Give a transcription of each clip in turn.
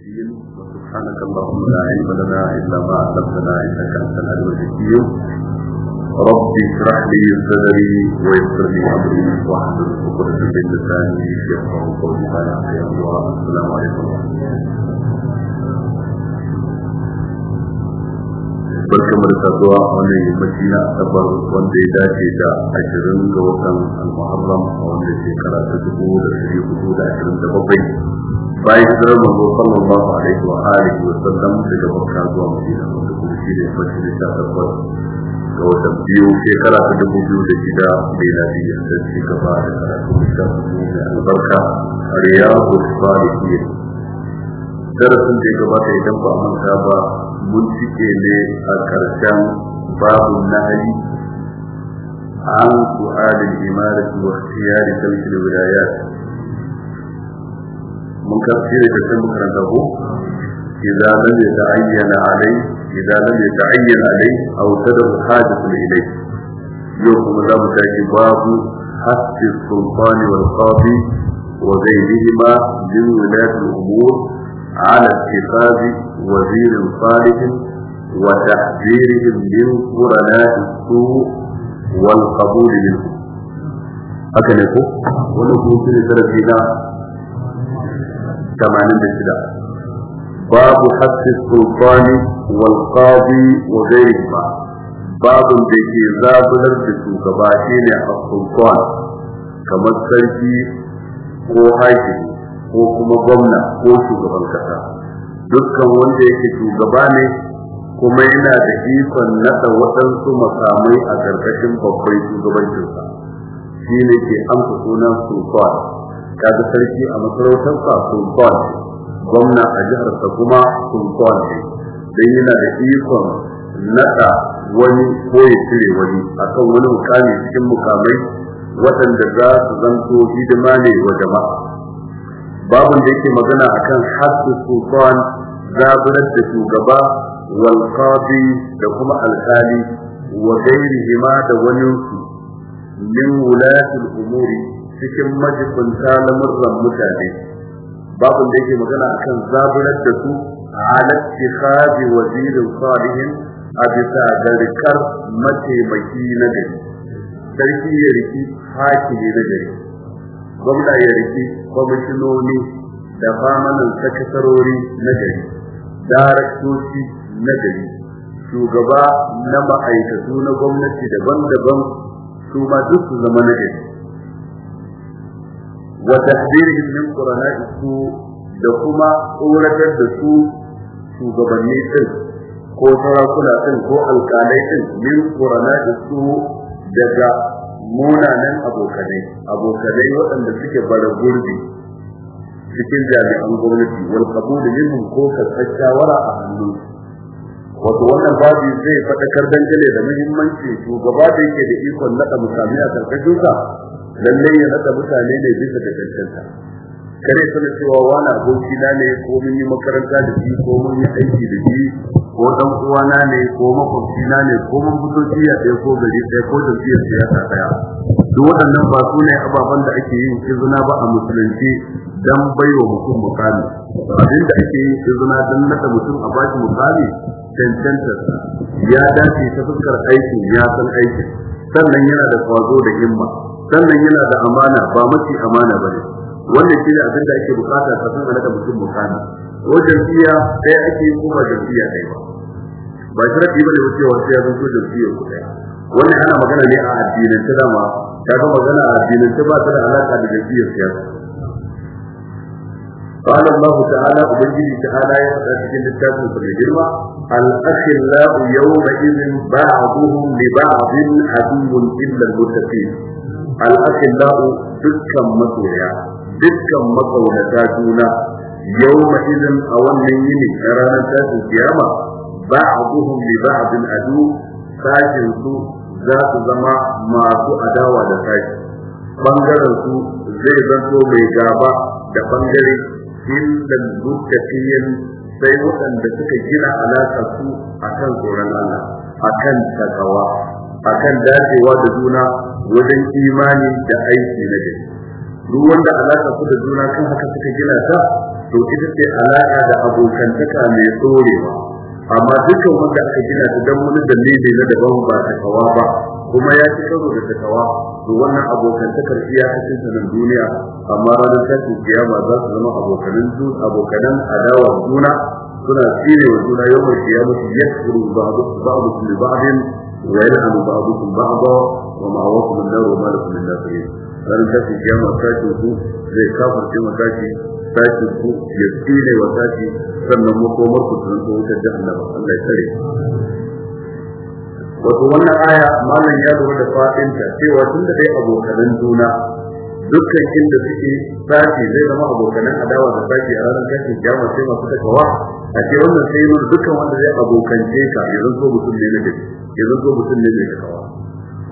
سبحانك اللهم لا علم لنا إلا ما علمتنا إنك أنت العلم الحكيم رب اشرح لي صدري ويسر لي أمري واحلل عقدة من لساني يفقه قولي ما يعطي الله السلام عليكم barkamu da saduwa wanda ya mace na asabar wanda ya dace da ashirin ga watan al-muharram a wanda shekara ta dubu da dari hudu da ashirin da bakwai bayan hijirar ba su alaihi wa alihi wa sallam daga makka zuwa madina da kuma shi ne fashin sha takwas ga watan biyu shekara ta dubu biyu da shida mai lafiya da ci gaba da karatu da da albarka a riyadu salihin darasin da ya gabata idan ba a manta ba mun cike ne a ƙarshen babu nahayi an su'alin imarati wa ikhtiyari salkil wilayat من كان في تسمى إذا لم يتعين عليه إذا لم يتعين عليه أو تدر حاجة إليه يوم الله تاكي باب حث السلطان والقاضي وغيرهما من ولاة الأمور على اتخاذ وزير صالح وتحذيرهم من قرناء السوء والقبول منهم. هكذا يقول ونقول في 86 باب حق السلطان والقاضي وغيرهما باب da ke zabular da shugaba shi ne a sultan kamar sarki ko haƙi ko kuma gwamna ko shugaban kasa dukkan wanda yake shugaba ne kuma yana da ikon naɗa waɗansu makamai a ƙarƙashin babban shugabancinsa shi ne ke amsa sunan sultan kaga sarki a masarautar sa sultan gwamna a jihar sa kuma sultan ne dan yana da ikon nada wani ko ya cire wani akan wani mukami cikin mukamai waɗanda za su zanto hidima ne wa jama'a babun da yake magana akan hasu sultan zaburar da shugaba wal da kuma alkali wa gairihima da wani min wulatul umuri cikin majibunta lamurran mutane babin da yake magana akan zaburar da su a halar tikhadi wazirin salihin a bisa da rikar mataimaki na gari sarki ya riki ne na gari gwamna ya riki kwamishinoni da famanin sakatarori na gari daraktoci na gari shugaba na ma'aikatu na gwamnati daban-daban su ma duk su zama na gari وتحذيرهم من قرناء السوء su da kuma tsoratar da su shugabanni din ko sarakuna din ko alƙalai din min qurana'i su daga munanan abokanai abokanai waɗanda suke gurbi cikin jami'an gwamnati wal qabul minhum ko karɓar wara a hannu? wato wannan babu zai faɗakar dangane da muhimmanci shugaba da yake da ikon naɗa musamman a karkashin lallai ya haɗa mutane ne bisa da cancanta kare sana cewa wani aboki na ne ko mun yi makaranta da shi ko mun yi aiki da shi ko dan uwana ne ko makwabci na ne ko mun fito jiya ɗaya ko gari ɗaya ko jam'iyyar siyasa ɗaya duk waɗannan ba su ne ababen da ake yin izina ba a musulunci dan baiwa mutum mukami abin da ake yin izina dan nata mutum a baki mukami cancantar ya dace ta fuskar aikin ya san aikin sannan yana da kwazo da himma sannan yana da amana ba mace amana ba ne wannan shi ne abin da ake bukata kafin a nada mutum mukami ko jam'iyya ɗaya ake yi kuma jam'iyya ɗaya ba ba sharaɗi ba ne wucewa sai ya zanto jam'iyya ku ɗaya wannan ana magana ne a addinin ta dama ta ga magana a addinin ta ba ta da alaƙa da jam'iyyar siyasa قال الله تعالى أبنجي تعالى يحدث من التاسم في الجرمة الأخلاء يومئذ بعضهم لبعض عدو إلا المتقين La'u dukkan masoya dukkan makaunata juna yau idan a wannan yini na ranar tashin kiyama ba'duhum li ba'din adu sashin su za su zama masu adawa da sashi bangaren su zai zanto mai gaba da bangare illal muttaqin sai waɗanda suka gina alaƙa su akan tsoron Allah a kan dacewa da juna wajen imani da aiki na gari duk wanda alaka su da juna kan haka suka gina ta to ita ce alaka da abokantaka mai tsorewa amma dukkan wanda aka gina ta dan wani dalili na daban ba ta kawa ba kuma ya ci karo da takawa to wannan abokantakar iya cikin sanin duniya amma ranar tashin kiyama za su zama abokanan abokanan adawa juna suna tsire wa juna yawan kiyama su yakuru ba ba'du ba ba'din ويلعن بعضكم بعضا ومعوكم النار وما لكم من نافعين قال ذلك الجامعة تاتي وفوق زي كافر كما تاتي تاتي وفوق يبتيني وتاتي فمن موكو مركو تنسو وتجعنا الله يسلي وطولنا آية ما لن يدعو لفاء انت سوى تندق أبو كذنتونا دكا كنت فيه فاتي زي ما أبو كنا أداوة فاتي أرانا كنت الجامعة سيما فتك واحد a ce wannan sai mun dukkan wanda zai abokance ka ya zo mutum ne na ya zo mutum ne mai kawa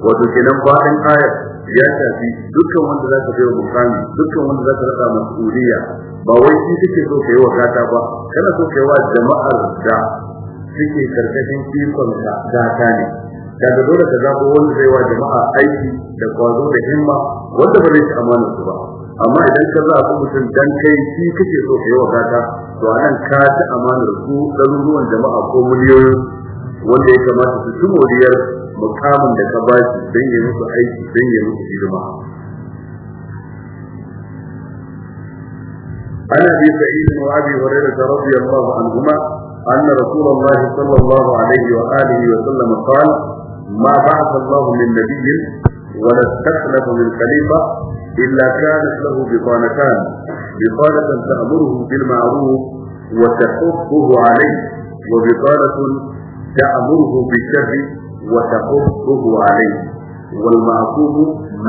wato kenan an ayar ya shafi dukkan wanda za ka bai mukami dukkan wanda za ka rasa mas'uliya ba wai shi kake so kai wa gata ba kana so kai wa jama'ar da suke karkashin ikon ka gata ne daga dole ka zabo wanda zai wa jama'a aiki da kwazo da himma wanda ba zai ci amana su ba amma idan ka za ku mutum dan kai shi kake so yi wa kata to a nan ka ta amanar su ɗaruruwan jama'a ko miliyoyin wanda ya kamata su ci moriyar mukamin da ka bashi don yi musu aiki don yi musu hidima عن ابي سعيد وابي هريره رضي الله عنهما ان رسول الله صلى الله عليه واله وسلم قال ما بعث الله من نبي ولا استخلف من خليفه إلا كانت له بطانتان بطانة تأمره بالمعروف وتحثه عليه وبطانة تأمره بالشر وتحثه عليه والمعصوم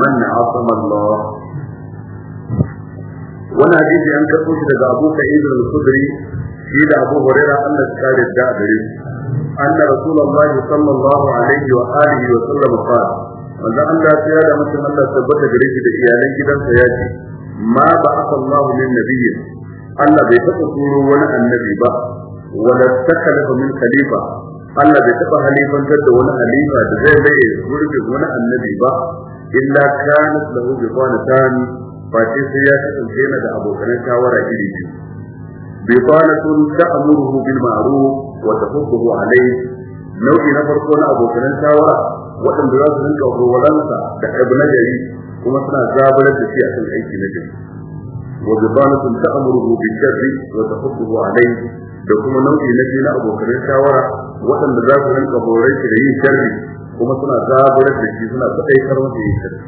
من عصم الله وانا اجيب ان تقول اذا ابوك ابن الخدري اذا ابو هريره ان الثالث جاء ان رسول الله صلى الله عليه واله وسلم قال manzon Allah sai ya da mutum Allah tabbata gare shi da iyalan gidansa ya ce ma ba aka Allah min nabiyyin Allah bai taɓa turo wani annabi ba wala takalifa min khalifa Allah bai taɓa halifantar da wani halifa da zai baye gurbin wani annabi ba illa kanat lahu bi qanatan fa sai ya kasance yana da abokan tawara iri biyu bi qanatun ta'muruhu bil ma'ruf wa tahudduhu alayhi nau'i na farko na abokan tawara waɗanda za su rinka walwalansa da abu na gari kuma suna zabarar da shi a kan aiki na gari wa bibanatun ta'amuru bi sharri wa tahuddu alayhi da kuma nau'i na na abokan shawara waɗanda za su rinka horar shi da yin sharri kuma suna zabarar da shi suna faɗaitar wanda yin sharri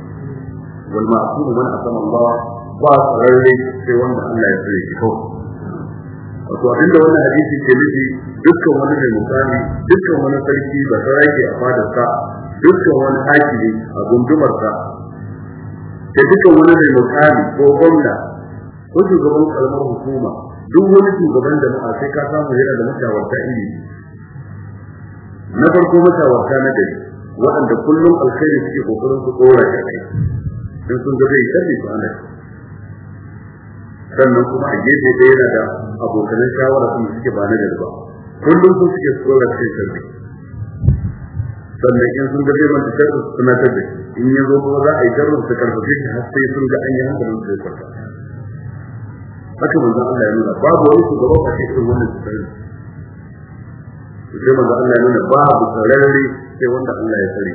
wal ma'sum man asama Allah ba sararre sai wanda Allah ya tsare shi kawai wato abinda wannan hadisi ke nufi dukkan wani mai mukami dukkan wani sarki da sarki a fadarsa dukkan wani hakimi a gundumar ta da dukkan wani mai mutane ko gwamna ko shugaban kalmar hukuma duk wani shugaban jama'a sai ka samu yana da mashawarta iri na farko mashawarta na gari waɗanda kullum alkhairi suke kokarin su tsora da kai don sun ga zai kalli su ana sannan kuma a gefe ɗaya yana da abokanan shawara sun suke ba na gari ba kullum sun suke tsora kai kalli sannan in sun ga zai manta sharri suna tunatar da in ya zo kuma za a yi sharri su karfafe shi har sai sun ga an yi hankalin su zai kwanta haka manzon Allah ya nuna babu wani shugaba a cikin wannan su ce manzon Allah ya nuna babu sarari sai wanda Allah ya tsare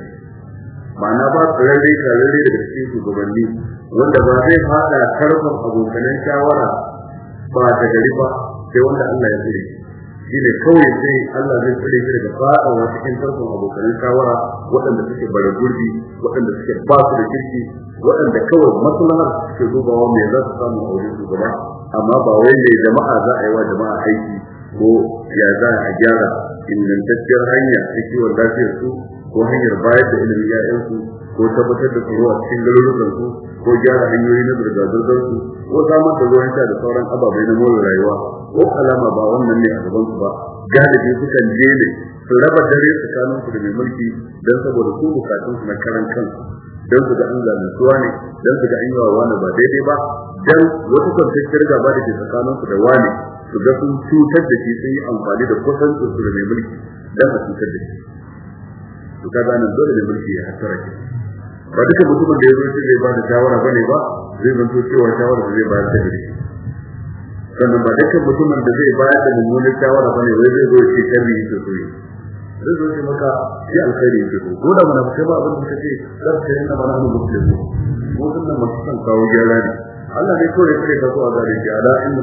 ma'ana ba tsararre tsararre daga cikin gabanni, wanda ba zai fada karfin abokanan shawara ba ta gari ba sai wanda Allah ya tsare shi ne kawai sai Allah zai tsare shi daga fa'a wa cikin tarkon abokan shawara waɗanda suke bara gurbi waɗanda suke ba su da kirki waɗanda kawai maslahar suke dubawa me za su samu a wurin shugaba amma ba wai ne jama'a za a yi wa jama'a aiki ko ya za a gyara ingantacciyar hanya ta kiwon lafiyar su ko hanyar bayar da ilimin 'ya'yansu ko tabbatar da tsoro a cikin garurukan su ko gyara hanyoyi na zirga-zirgar su ko samar da ruwan sha da sauran ababai na more rayuwa ko alama ba wannan ne a gaban su ba galibi sukan je ne su raba dare tsakanin su da mai mulki don saboda su bukatun su na karan kansu don su ga an zaluntuwa ne don su ga an yi wa wani ba daidai ba don wata kwantacciyar gaba da ke tsakanin su da wani su ga sun cutar da shi sun yi amfani da kusancin su da mai mulki don a cutar da shi to kaga nan dole ne mulki ya hasara ki ba duka mutumin da ya zo zai ba da shawara bane ba zai zanto cewa shawara zai ba da gari sannan ba duka mutumin da zai ba da mummunan shawara bane wai zai zo shi kan yi to yi zai zo shi maka shi alkhairi yake ko da mana ba ba abin da kake zai ce inna mana hanu muslimu mu sunnan masu san kawo gyara ne Allah ne kawai kare ka zo a gare ki ala da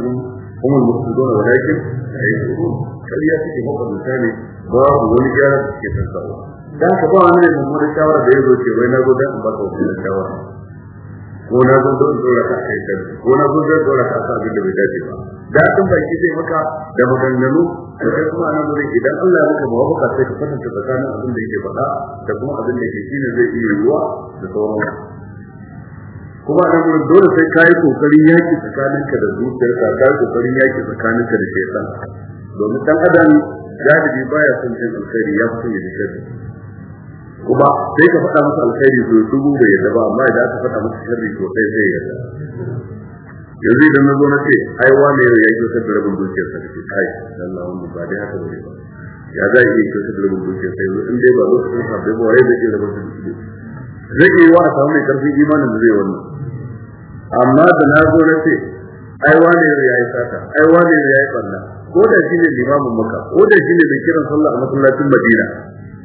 humul mufsidun walakin ayyuhum eh, kariya ko makwabta mutane ba wani gyara ke tsawo da ka ba wani mummunan shawara da ya zo ce wai na zo dan ba ka mummunan shawara ko na zo don dora ka kai kan ko na zo don dora ka sa abin da bai dace ba da kan baki zai maka da maganganu da kai kuma nan gurin idan Allah ya maka mawafaka sai ka kwatanta tsakanin abin da yake faɗa da kuma abin da yake ne zai iya yiwuwa da sauran kuma nan gurin dole sai ka yi kokarin yaki tsakaninka da zuciyarka ka yi kokarin yaki tsakaninka da shaitan domin ɗan adam galibi baya son jin alkhairi ya fi son ya kuma sai ka faɗa masa alkhairi to su bai yadda ba amma idan ka faɗa masa sharri to sai zai yadda. yanzu idan na zo na ce ai wane ya yi kyautar da rabin dukiyar sa kake kai dan na wani ba dai haka bane ba ya za iya kyautar da rabin dukiyar sa yanzu in dai ba lokacin sa bai ba wai zai iya rabin dukiyar zai iya wa a samu mai karfin imanin da zai wannan amma da na zo na ce ai wane ya yi sata ai wane ya yi ɓanna ko da shi ne limamin maka ko da shi ne mai kiran sallah a masallacin madina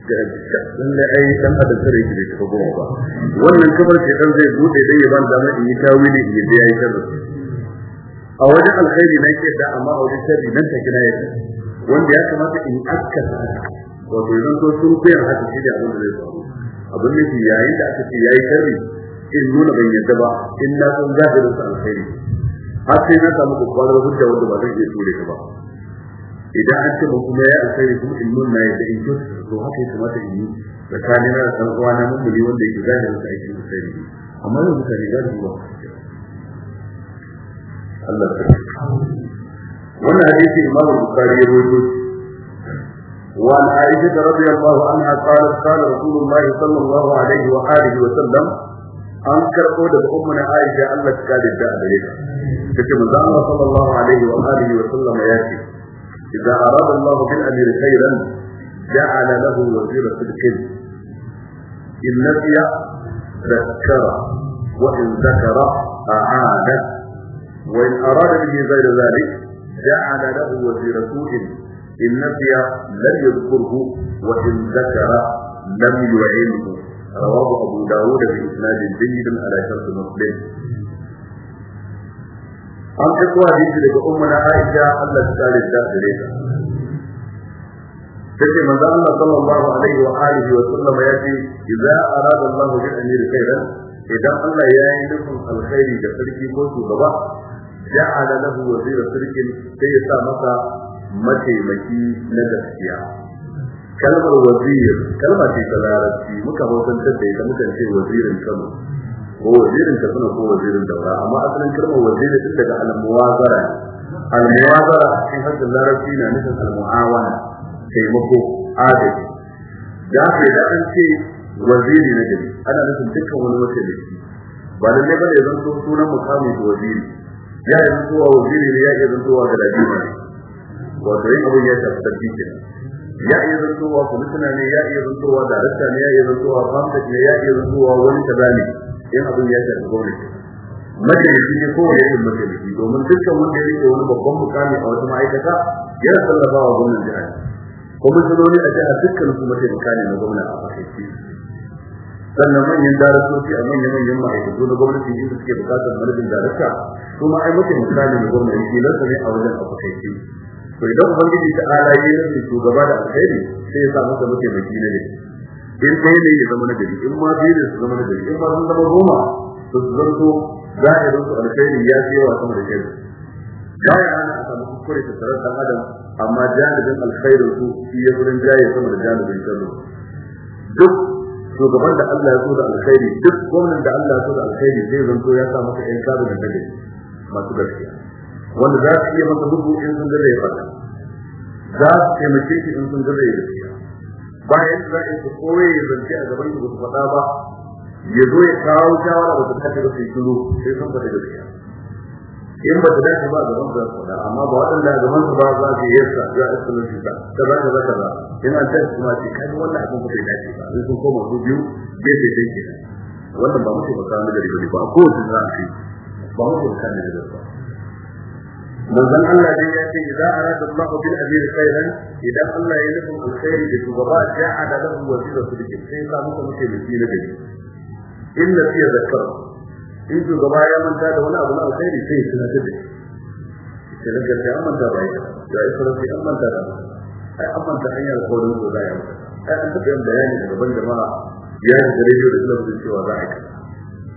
lalle ai dan adam sai yake da goma ba wannan kamar ke dan zai bude dai ya ban dama in yi tawili in yi ayi kaza a wajen alkhairi na ke da amma a wajen sharri nan take na yadda wanda ya kamata in akka wato idan ko sun koyar haka shi da abin da zai faru abin da yayin da aka ce yayi sharri in nuna ban yadda ba in na san zahirin sa alkhairi har sai na samu kwakwalwar hujja wanda ba zan iya ture ka ba idan an ce ba kuma ya alkhairi kuma in nuna yadda in kyautu to haka yake mata yi da kani na san uwa na mun buli wanda yake gane wasu aikin da sai وعن عائشة رضي الله عنها قالت قال رسول الله صلى الله عليه وآله وسلم أنكر قود أمنا عائشة الله تكاد الداء بليك فكما صلى الله عليه وآله وسلم ياتي إذا أراد الله بالأمير خيرا جعل له وزيرة في الكل إن نسي ذكر وإن ذكر أعانه وإن أراد به غير ذلك جعل له وزير سوء إن نسي لم يذكره وإن ذكر لم يعينه رواه أبو داود إسناد جيد على شرط مسلم an karɓo hadisi daga عائشة Aisha Allah تعالى take manzo Allah sallallahu alaihi wa alihi wa sallam ya ce idza arada Allah bi amir khairan idan Allah ya yi nufin alkhairi da sarki ko shugaba ja'ala lahu wazira sirkin sai ya sa masa mataimaki na gaskiya kalmar wazir kalma ce ta larabci muka bautantar da ita muka ce wazirin kano ko wazirin kano ko wazirin daura amma asalin kalmar wazir din daga al-muwazara al-muwazara cikin harshen larabci na nufin al-mu'awana taimako agaji da haka da an ce waziri na gari ana nufin dukkan wani mataimaki ba da ne bane zan so sunan mukamin waziri ya yi zantowa waziri ne ya iya zantowa ga dabi ne wato yin abin ya tafi sarki kenan ya iya zantowa kwamishina ne ya iya zantowa darakta ne ya iya zantowa famta ne ya iya zantowa wani kaza ne in abin ya shafi gwamnati majalisi ne ko wani irin majalisi domin dukkan wanda ya rike wani babban mukami a wata ma'aikata yana tallafawa gwamnan jihar kwamishinoni a jihar dukkan su mace ne na gwamna a fahimci sannan manyan darasoci a manyan manyan ma'aikatu na gwamnatin yin suke bukatar manajin darasta kuma ai mace ne na gwamna yake nan ne a wajen a fahimci to idan ubangiji ta ala yi nan shugaba da alkhairi sai ya sa masa mataimaki na ne in kai ne ya zama na gari in ma yi ne su zama na gari in ma sun zama goma su zanto zahirin su alkhairi ya fi yawa sama da gari. Gaya ana a samu kuskure da ɗan adam amma janibin alkhairin su shi ya wurin jaye sama da janibin sharri duk shugaban da Allah ya so da alkhairi duk gwamnan da Allah ya so da alkhairi zai zanto ya sa masa ɗan sabu da nagari masu gaskiya wanda za su iya masa bugu in sun gaza ya faɗa za su taimake shi in sun gaza ya gaskiya bayan za a su koye ya zance a gaban shi ba su faɗa ba ya zo ya kawo shawara ba su kace ba su yi shiru sai sun faɗa gaskiya in ba ta dace ba gaban za su da amma ba waɗanda gaban su ba za su yi sa, za a tsanin shi ta ba ta zaka ba yana ta kuma ce kai wannan abin ba zai dace ba sai sun koma su biyu bai sai dai ke wannan ba mutum ba ka na gari ba ko su za a kai ba mutum ka na gari ba manzon Allah dai ya ce idan arada Allah bil amir khairan idan Allah ya nufin alkhairi da ya shugaba ja'ala lahu wasila sulhi sai ka mutum mutum ne gari illa fiye zakkara in shugaba ya manta da wani abu na alkhairi sai ya tunatar da shi sai daga ta an manta ba ya ya yi sarrafi an manta da ai an manta hanyar kodin ko za ya manta ai an taɓa yin bayani da gaban jama'a ya yi da rediyo da talabijin cewa za a yi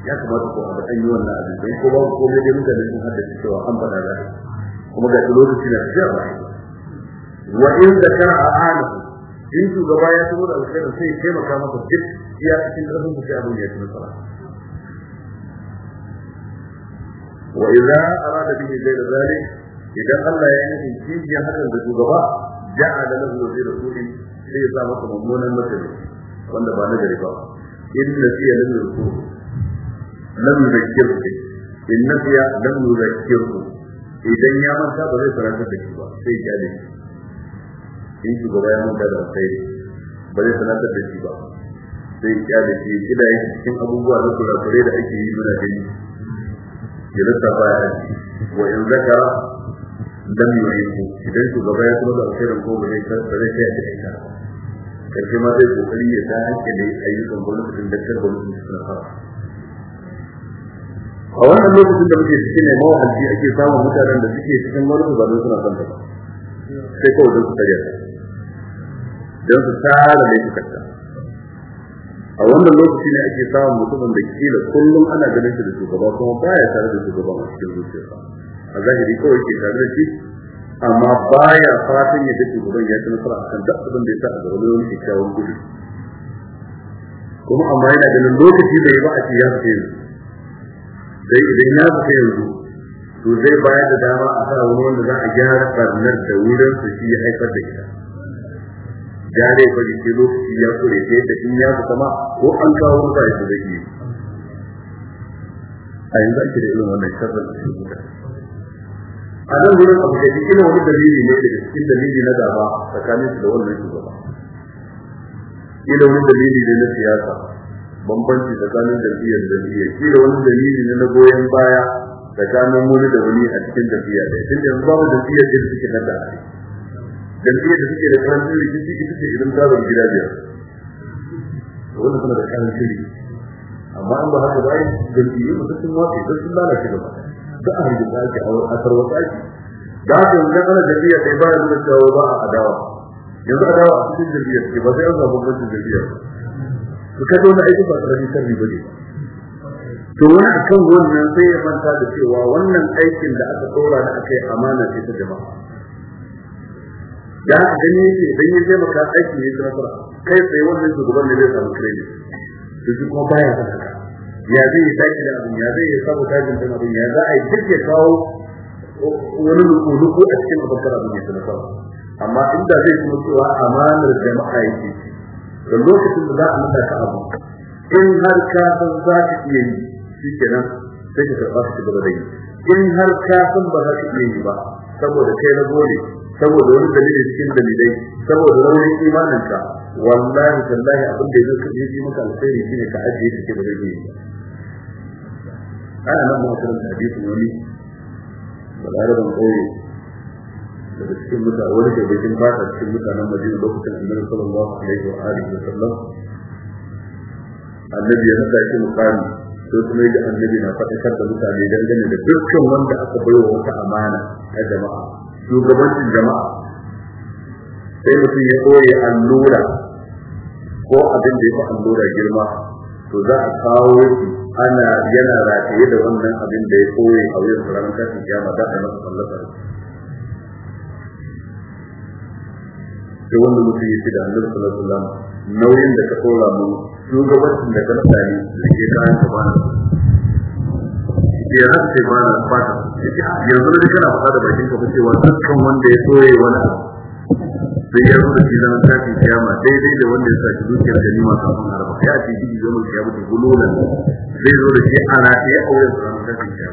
ya kamata ko a an yi wannan abin don ko babu komai da mutane sun haddace cewa an faɗa da a kuma ga lokaci na tafiya ba wa in da ka a ana in shugaba ya tuno da alkhairi sai ya taimaka masa duk iya cikin ƙarfin sai abin da ya ci nasara wa idza arada bihi ghayra idan Allah ya yi kiyaye hakan da shugaba ja'ala lahu wazira sulin sai ya sa masa mummunan masali wanda ba nagari ba inna fiya lam yurku lam yuzakkiru inna fiya lam yuzakkiru idan ya manta ba zai karanta da shi ba sai ya ne in shugaba ya manta da sai ba zai karanta da shi ba sai ya ne shi cikin abubuwa da da ake yi muna ya lissafa ya haji wa in zakara dan yuriku idan shugaba ya tuno da alkhairin ko ba zai ba shi kai da ita karshe ma zai kokari ya ta hanke hankali ayyukan gwamnatin da ta gwamnatin suna fara a wannan lokacin da muke cikin ne mawahalci ake samun mutanen da suke cikin gwamnati ba zai suna son ta ba sai kawai don su karya don su tara laifukan ta a wannan lokaci ne ake samun mutumin da kila kullum ana ganin shi da shugaba kuma baya tare da shugaban a cikin zuciyarsa a zahiri kawai ke tare da shi amma baya fatan ya ga shugaban ya ci nasara akan duk abin da ya sa a gaba wani kyakkyawan gudu kuma amma yana ganin lokaci bai ba a ce ya fita yanzu sai idan ya fita yanzu to zai bayar da dama a sa wani wanda za a gyara barnar da wurin su shi ya haifar da ita jare ba bari sai lokaci ya kure ke da in ya fi kama ko an kawo ruwa ya zai yi a yanzu ake da irin wannan sharrin da shi a nan wurin abu da cikin wani dalili ne da cikin dalili na gaba tsakanin su da wannan shugaba ila wani dalili ne na siyasa bambanci tsakanin jam'iyyar jam'iyyar ila wani dalili ne na goyon baya tsakanin wani da wani a cikin jam'iyyar ɗaya tun yanzu babu jam'iyyar da suke nan da ake jam'iyyar da suke da karancin rikici ita ce idan ta zama gida biyar wanda suna da karancin rikici amma in ba haka ba yi jam'iyyar da sun wace don sun lalace gaba da a da ake a tarwata ake da haka yanzu ana jam'iyyar sai ba ya da cewa ba a adawa yanzu adawa a cikin jam'iyyar ke ba sai an samu gwamnatin jam'iyyar su kaɗo na aiki ba tsarari sarri ba ne to wani akan wannan sai ya manta da cewa wannan aikin da aka tsora da aka yi amana ce ta jama'a da haka gani ne idan ya je maka aiki ne ta nasara kai tsaye wannan shugaban ne zai samu credit to shi kuma baya son haka ya zai yi taki da abin ya zai yi samu tajin da abin ya za a yi duk ya kawo wani lukuku a cikin abokan abin ya ta nasara amma inda zai kuma cewa amanar jama'a yake da lokacin da za a nuna ka abu in har ka san za ka iya yi shi kenan sai ka karɓa su gaba da yi in har ka san ba za ka iya yi ba saboda kai na gode saboda wani dalilin cikin dalilai saboda raunin imaninka wallahi tallahi abin da yake kaje yi maka alkhairi shine ka ajiye shi ke bare yi ana nan mu karanta hadisi wani balaraban kauye daga cikin mutane wani da bakin fata cikin mutanen Madina lokacin Annabi sallallahu alaihi wa alihi wa sallam annabi ya nada shi mukami sai kuma yadda annabi na faɗakar da mutane dangane da dukkan wanda aka baiwa wata amana ta jama'a shugabancin jama'a sai mutum ya koye allura ko abin da ya fi allura girma to za a kawo shi ana yana rataye da wannan abin da ya koye a wurin ranar tashin kiyama za a yi masa fallasa wanda mutum ya ce da annabi sallallahu alaihi wasallam nauyin da ka tsora mu shugabancin da ka nada da ke kayan ka ya ce ba na fata yanzu da kana fata da bakin ka cewa dukkan wanda ya soye wani sai ya rubuta shi zan tafi kiyama daidai da wanda ya sa shi zuciyar da nima kafin arba ya ce shi zama mun kiyama da zai zo da shi a rafi a wurin su ran tafi kiyama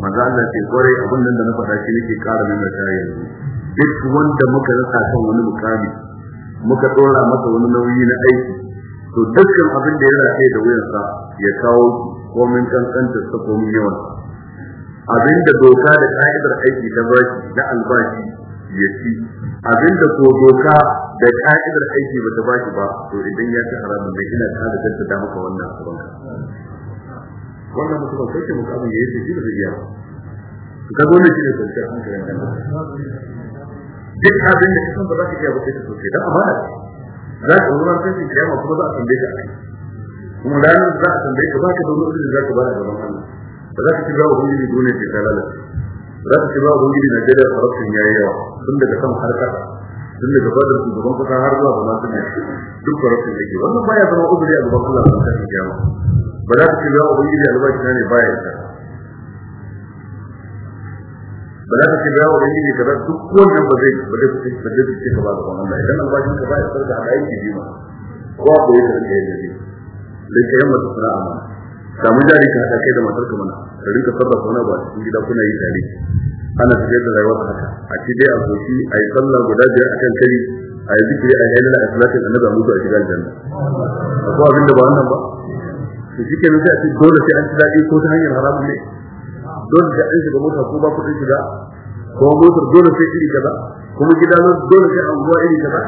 manzo Allah ce kwarai abin nan da na faɗa shi nake ƙara nan da ta yanzu duk wanda muka rasa kan wani mukami muka dora masa wani nauyi na aiki to dukkan abin da ya rafe da wuyansa ya kawo Komin min kankanta ta ko min yawan abinda doka da ka'idar aiki ta bashi na albashi ya ci abinda ko doka da ka'idar aiki ba ta bashi ba to idan ya ci haramun mai ina ta da kanta da maka wannan abin wannan mutumin sai ke muka abin ya yi shi da zai iya ka zo ne shi ne kwanciyar hankalin kan duk abin da san ba za ka iya ba sai ka sosai don amana za ka zo na sai kiyama kuma za a tambaye ka a kai kuma ranar za a tambaye ka baka da wani uzuri za ka bada gaban Allah ba za ka ci ba ubangiji dole ke ta lalace za ka ci ba ubangiji na jada farashin yayi yawa tun daga sama har kasa tun daga fadar shugaban kasa har zuwa bana suna duk farashin yake wannan baya zama uzuri a gaban Allah ba kan kiyama ba za ka ci ba ubangiji albashi ne baya ta ba za ka ci ba ubangiji kaza duk wannan ba zai ba zai ba zai ci ka ba gaban Allah idan albashin ka baya sarda a aiki jima ko ko yake da yake sai ka yamma sana'a ma samu jari ka haɗa kai da matar ka mana ka rinka sarrafa wani ba cikin gida kuna yi tare ana tafiyar da rayuwar haka a ci dai a soki a yi sallah guda biyar a kan kari a yi zikiri a yi halala a salatin annabi mutu a shiga aljanna akwai abin da ba wannan ba to shi kenan sai a ce dole sai an ci daɗi ko ta hanyar haramun ne dole sai an shiga mota ko ba kuɗin shiga ko motar dole sai iri kaza kuma gida dole sai anguwa iri kaza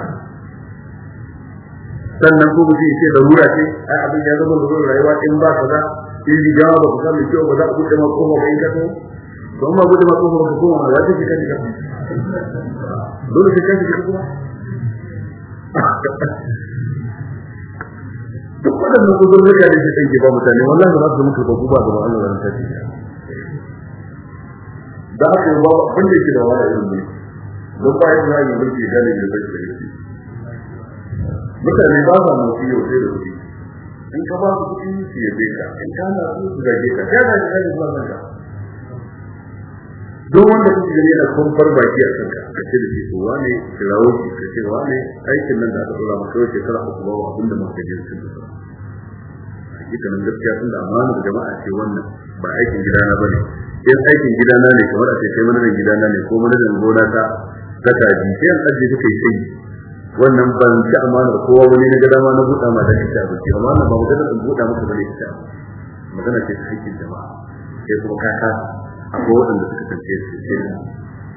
sannan ko mutum ce da rura ce ai abin ya zama da rayuwa in ba ka za in riga ba ku samu kyau ba za ku da ma kofa ba in ka to don ma gudu ma kofa ba kofa ba za ta shiga shiga dole shiga shiga kuma duk mun waɗannan uzurruka da shi ɗan ba mutane wallahi ba za su mutu ku ba gaban Allah ran tafi da aka yi ba kun da ke da wani ilimi ne don ba yi na yi da gane da zai mutane ba sa motsi yau sai da kuɗi in ka ba su kuɗi su yabe ka in ka na su su zage ka ta zage ka zuwa kanka don wanda kuke gani yana kwamfar baki a kanka ka ce da shi to wane kirawo shi ka ce wane aikin nan da aka ɗora maka yau shekara uku ba wa abin da maka gani sun da hakika nan gaskiya tun da amana da jama'a ce wannan ba aikin gidana ba ne in aikin gidana ne kamar a ce kai manajan gidana ne ko manajan gona ta ta kaji sai an ajiye duka yi sai wannan ban ci amanar kowa wani na gada ma na buɗa ma da ka ci abinci amma wannan ba magana in buɗa maka bane ka ci abinci magana ce ta haƙƙin jama'a sai kuma ka ka akwai waɗanda suka kance su ce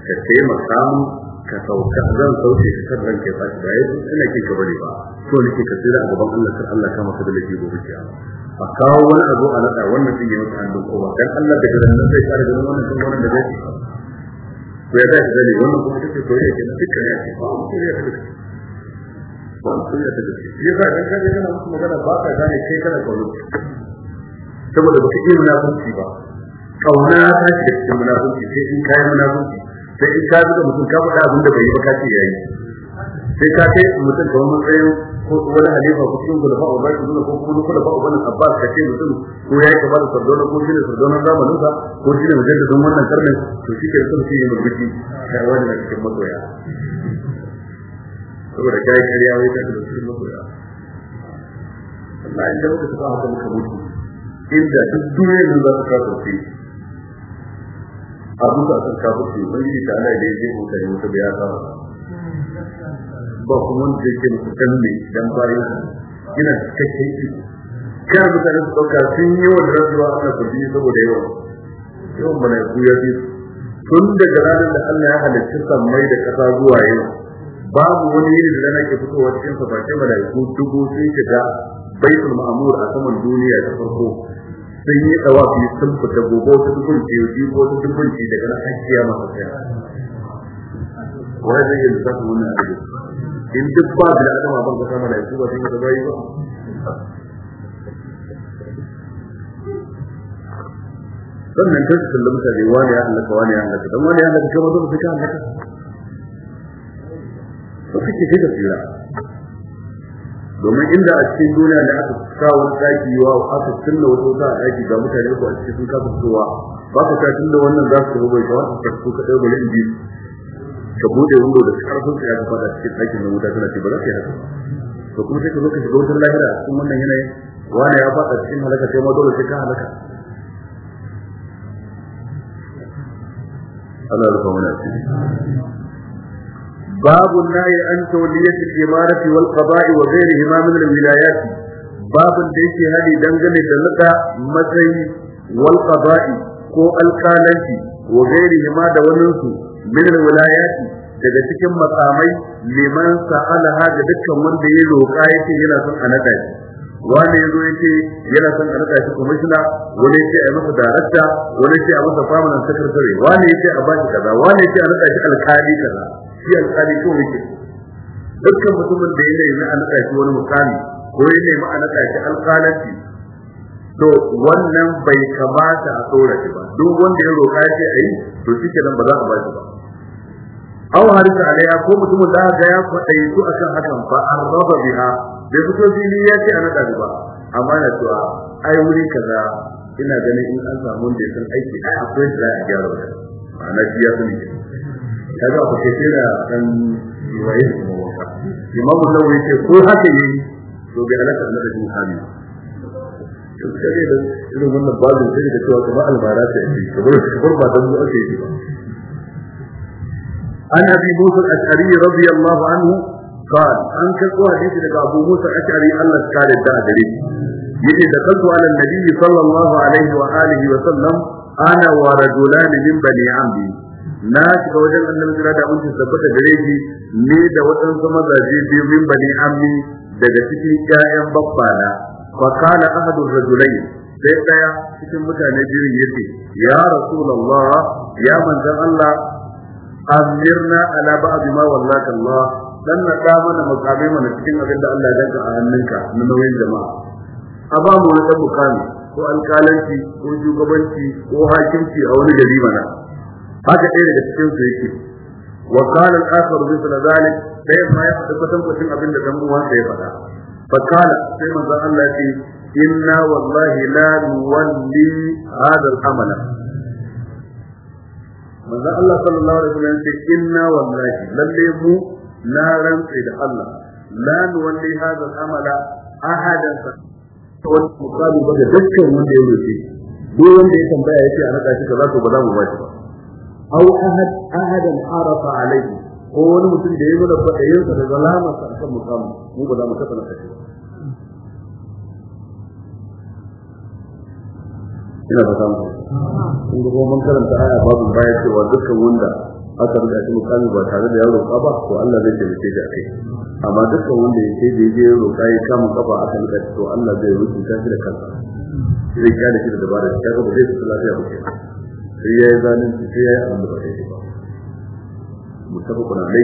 ka taimaka mu ka sauka zan sauke ka kan ranke ba da yau ina kin ka bane ba so ke ka tsira a gaban Allah kar Allah ka maka da laifi gobe kiyama a kawo wani abu a nada wannan din ya mutu hannun kowa dan Allah da garin nan zai fara ganin wannan kuma wannan da zai ko ya zai zai wannan kuma take koyi da dukkan ya ce ba mu koyi da dukkan wannan sunna ta gaske shi musu magana ba ka gane kai kana kawo saboda baka iya munafunci ba kauna ta ce cikin munafunci sai in kai munafunci sai in ka zuga mutum ka faɗa abin da bai yi ba ka ce yayi sai ka kai mutum kamar matsayin ko wani halifa ko cikin gulfa ko ba kuma ko kuma kula ba ubana abbas ka ce mutum ko yayi ka bada sardona ko shine sardona zamanin sa ko shine mujaddadin wannan karnin to shi ke son shi ne mutum kai wani cikin masoya saboda kai kariya wai ta da cikin makoya Allah inda muka tafi haka muka mutu inda duk duniyar nan za ta kafirce a duka san kafirce ubangiji ta Allah da ya je mutane wata da ya kawo ba kuma wanda yake musu kalle dan bayan yana cikakken iko kar mutane su ɗauka sun yi wa da rasuwa ana kudi saboda yawa yawan mana ya fi tun daga ranar da Allah ya halitta sammai da ƙasa zuwa yau babu wani yiri da rana ke fitowa cikin sa face malaiku dubu sun shiga baitul ma'mur a saman duniya ta farko sun yi tawafi sun fita gobe ta dubun ce yi ko wata dubun ce daga nan hakkiya masa kai wai zai yi zaka wannan abu in duk ba da adama ban kasa malaiku ba sun yi tabayi ba sannan kai su sallama ta ne wani ya halaka wani ya halaka don wani ya halaka kuma zo su ka halaka ba kake kai da tsira domin inda a cikin duniya da aka sa wani daki wa aka tunna wata wata a daki ga mutane ko a cikin sun kafa fitowa ba ka ta da wannan za su bai ka wata ta fito ka ɗaya bari in ji ka bude wando da karfin ka ya ka fada cikin ɗakin na wuta tana ce ba za ka yi haka to kuma sai ka zo ka shiga wutar lahira cikin wannan yanayin wani ya fada cikin halaka sai ma dole sai ka halaka Allah ya rufa mana asiri باب النهي عن تولية الإمارة والقضاء وغيرهما من الولايات باب ليس هذه دنجل دلقة مسي والقضاء كو القالنتي وغيرهما دولنك من الولايات daga cikin makamai, liman sa'alaha ga dukkan wanda ya roƙa yake yana son a naɗa shi wani ya zo yake yana son a naɗa shi kwamishina wani yake a masa darakta wani yake a masa famanan sakatare wani yake a bashi kaza wani yake a naɗa shi alkali kaza shi alƙali ko dukkan mutumin da ya nemi a naɗa shi wani mukami ko ya shi alƙalanci to wannan bai kamata a tsora shi ba duk wanda ya roƙa shi a yi to shi ba za a ba shi ba aw ko mutumin da ga ya a su akan hakan biha bai fito fili ya ce a naɗa ba amma na cewa ai wuri kaza ina ganin in an samu da ya san aiki akwai da za a gyara ma'ana shi ya kaga ku ce da dan yoyi ko wata imamu nawawi ce ko haka yi to bai alaka da da hali to kare da irin wannan babu sai da cewa kuma albara ta yi kamar kamar ba dan ake yi ba an abi musa al-ashari radiyallahu anhu قال أن كتبوا حديث لك أبو موسى الأشعري الله قال الدعاء دليل يجي دخلت على النبي صلى الله عليه وآله وسلم أنا ورجلان من بني عمي na shiga wajen annabi jira da mun tabbata gare shi ne da waɗansu mazaje biyu min bani ammi daga cikin ƴaƴan babbana fa kana ahadu rajulayn sai daya cikin mutane biyu yace ya rasulullah ya manzon Allah amirna ala ba'd ma wallaka Allah dan na da mana mukami mana cikin abin da Allah ya danka a hannunka na nauyin jama'a a ba mu mukami ko alƙalanci ko shugabanci ko hakimci a wani gari mana haka ɗaya daga cikin su yake wa kana al-akhar bi zalik sai ma ya faɗi kwatan kwatan abin da dan wanda ya faɗa fa kana sai manzo Allah ya ce inna wallahi la nuwalli hadha al-amala manzo Allah sallallahu alaihi wasallam ce inna wallahi lalle mu na rantsi da Allah la nuwalli hadha al-amala ahadan wani mukami ba da dukkan wanda ya roƙe duk wanda ya tambaya ya ce a raka shi za to ba za mu ba shi ba aw ahad ahadan arafa alayhi ko wani mutum da ya nuna fadayin sa da zalama sa kan mukamu mu ba za mu ina ba samu in ga mun karanta aya babu baya cewa dukkan wanda aka rika shi mukami ba tare da yaro roƙa ba to Allah zai taimake shi akai amma dukkan wanda yake da yake roƙa kai kama kafa a kan to Allah zai rubuta shi da kansa zai kada shi da dabara shi kaga ba zai tsala lafiya ba sai ya yi zalunci sai ya yi abin da ba yi ba kuna mai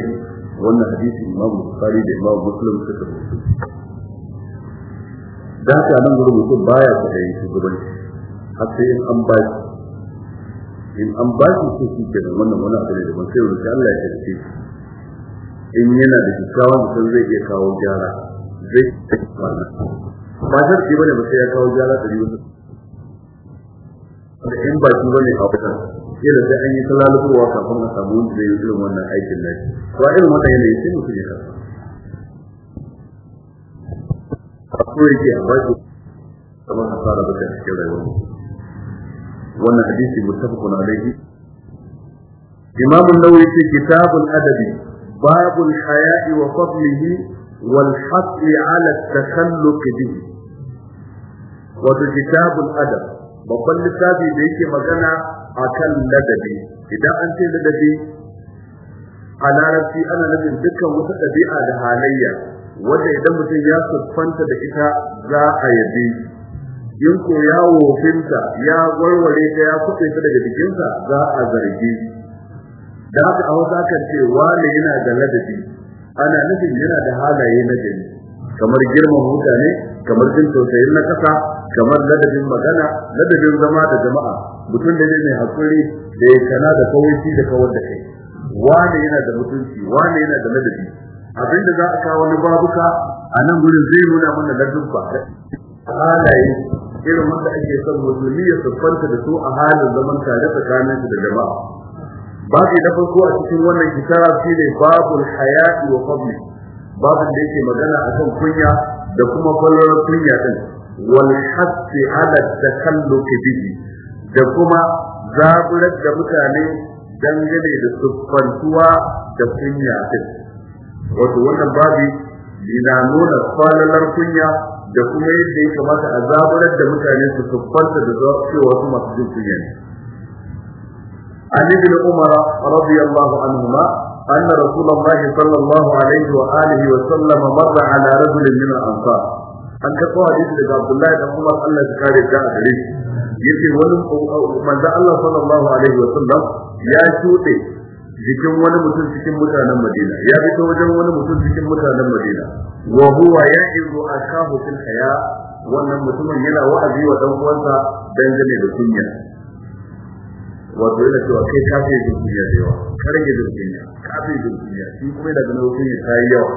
wannan hadisi imam bukhari da imam muslim suka rubuta da haka nan gurin mutum baya ta yi yin shugabanci har sai in an ba shi in an ba shi su shi ke wannan wani abu ne da ban sai wani Allah ya tafi in yana da kyakkyawan mutum zai iya kawo gyara zai ba shi ba ne ba sai ya kawo gyara da wani da in baki bane a fitar kila sai an yi talalukurwa kafin a samu wanda zai yi irin wannan aikin nashi to a irin wannan yanayi sai mutum ya karɓa a kowai ke a baki kamar hasara ba ta cikin rayuwar wannan hadisi muttafaqun alayhi imam an-nawawi fi kitab al-adab bab al-haya'i wa fadlihi wal hasli 'ala at-takhalluq bihi wa kitab al-adab babban littafi da yake magana a kan ladabi idan an ce ladabi a larabci ana nufin dukkan wata ɗabi'a da halayya wanda idan mutum ya siffanta da ita za a yabe in ko ya wofinta ya warware ta ya kuɗe ta daga jikinsa za a zargi da haka a wata kan ce wane yana da ladabi ana nufin yana da halaye na gari kamar girman mutane kamar jin tausayin na ƙasa. kamar ladabin magana ladabin zama da jama'a mutum da ne mai hakuri da ya kana da kawaici da kawar da kai wane yana da mutunci wane yana da ladabi abinda za a kawo wani babuka a nan gurin zai nuna mana ala halaye irin wanda ake son musulmi ya siffanta da su a halin zaman tare tsakanin da jama'a babu na farko a cikin wannan kitara ne babul hayati wa fadli babin da yake magana akan kunya da kuma kwallon kunya din wal hasbi ala takalluf bihi da kuma zaburar da mutane dangane da siffantuwa da kunya din wato wannan babi yana nuna falalar kunya da kuma yadda ya kamata a zaburar da mutane su siffanta da zuwa cewa su masu jin kunya ne عن ابن عمر رضي الله عنهما أن رسول الله صلى الله عليه وآله وسلم مر على رجل an karɓo hadisi daga Abdullahi dan Umar Allah ya kare ta a gare shi yace wani manzan Allah sallallahu alaihi wa sallam ya shuɗe jikin wani mutum cikin mutanen Madina ya fito wajen wani mutum cikin mutanen Madina wa huwa a akahu fil haya wannan mutumin yana wa'azi wa dan uwansa dangane da kunya wato yana cewa kai ka fi jin kunya da yawa ka rage jin kunya ka fi kunya shi kuma yana ganin kunya ta yi yawa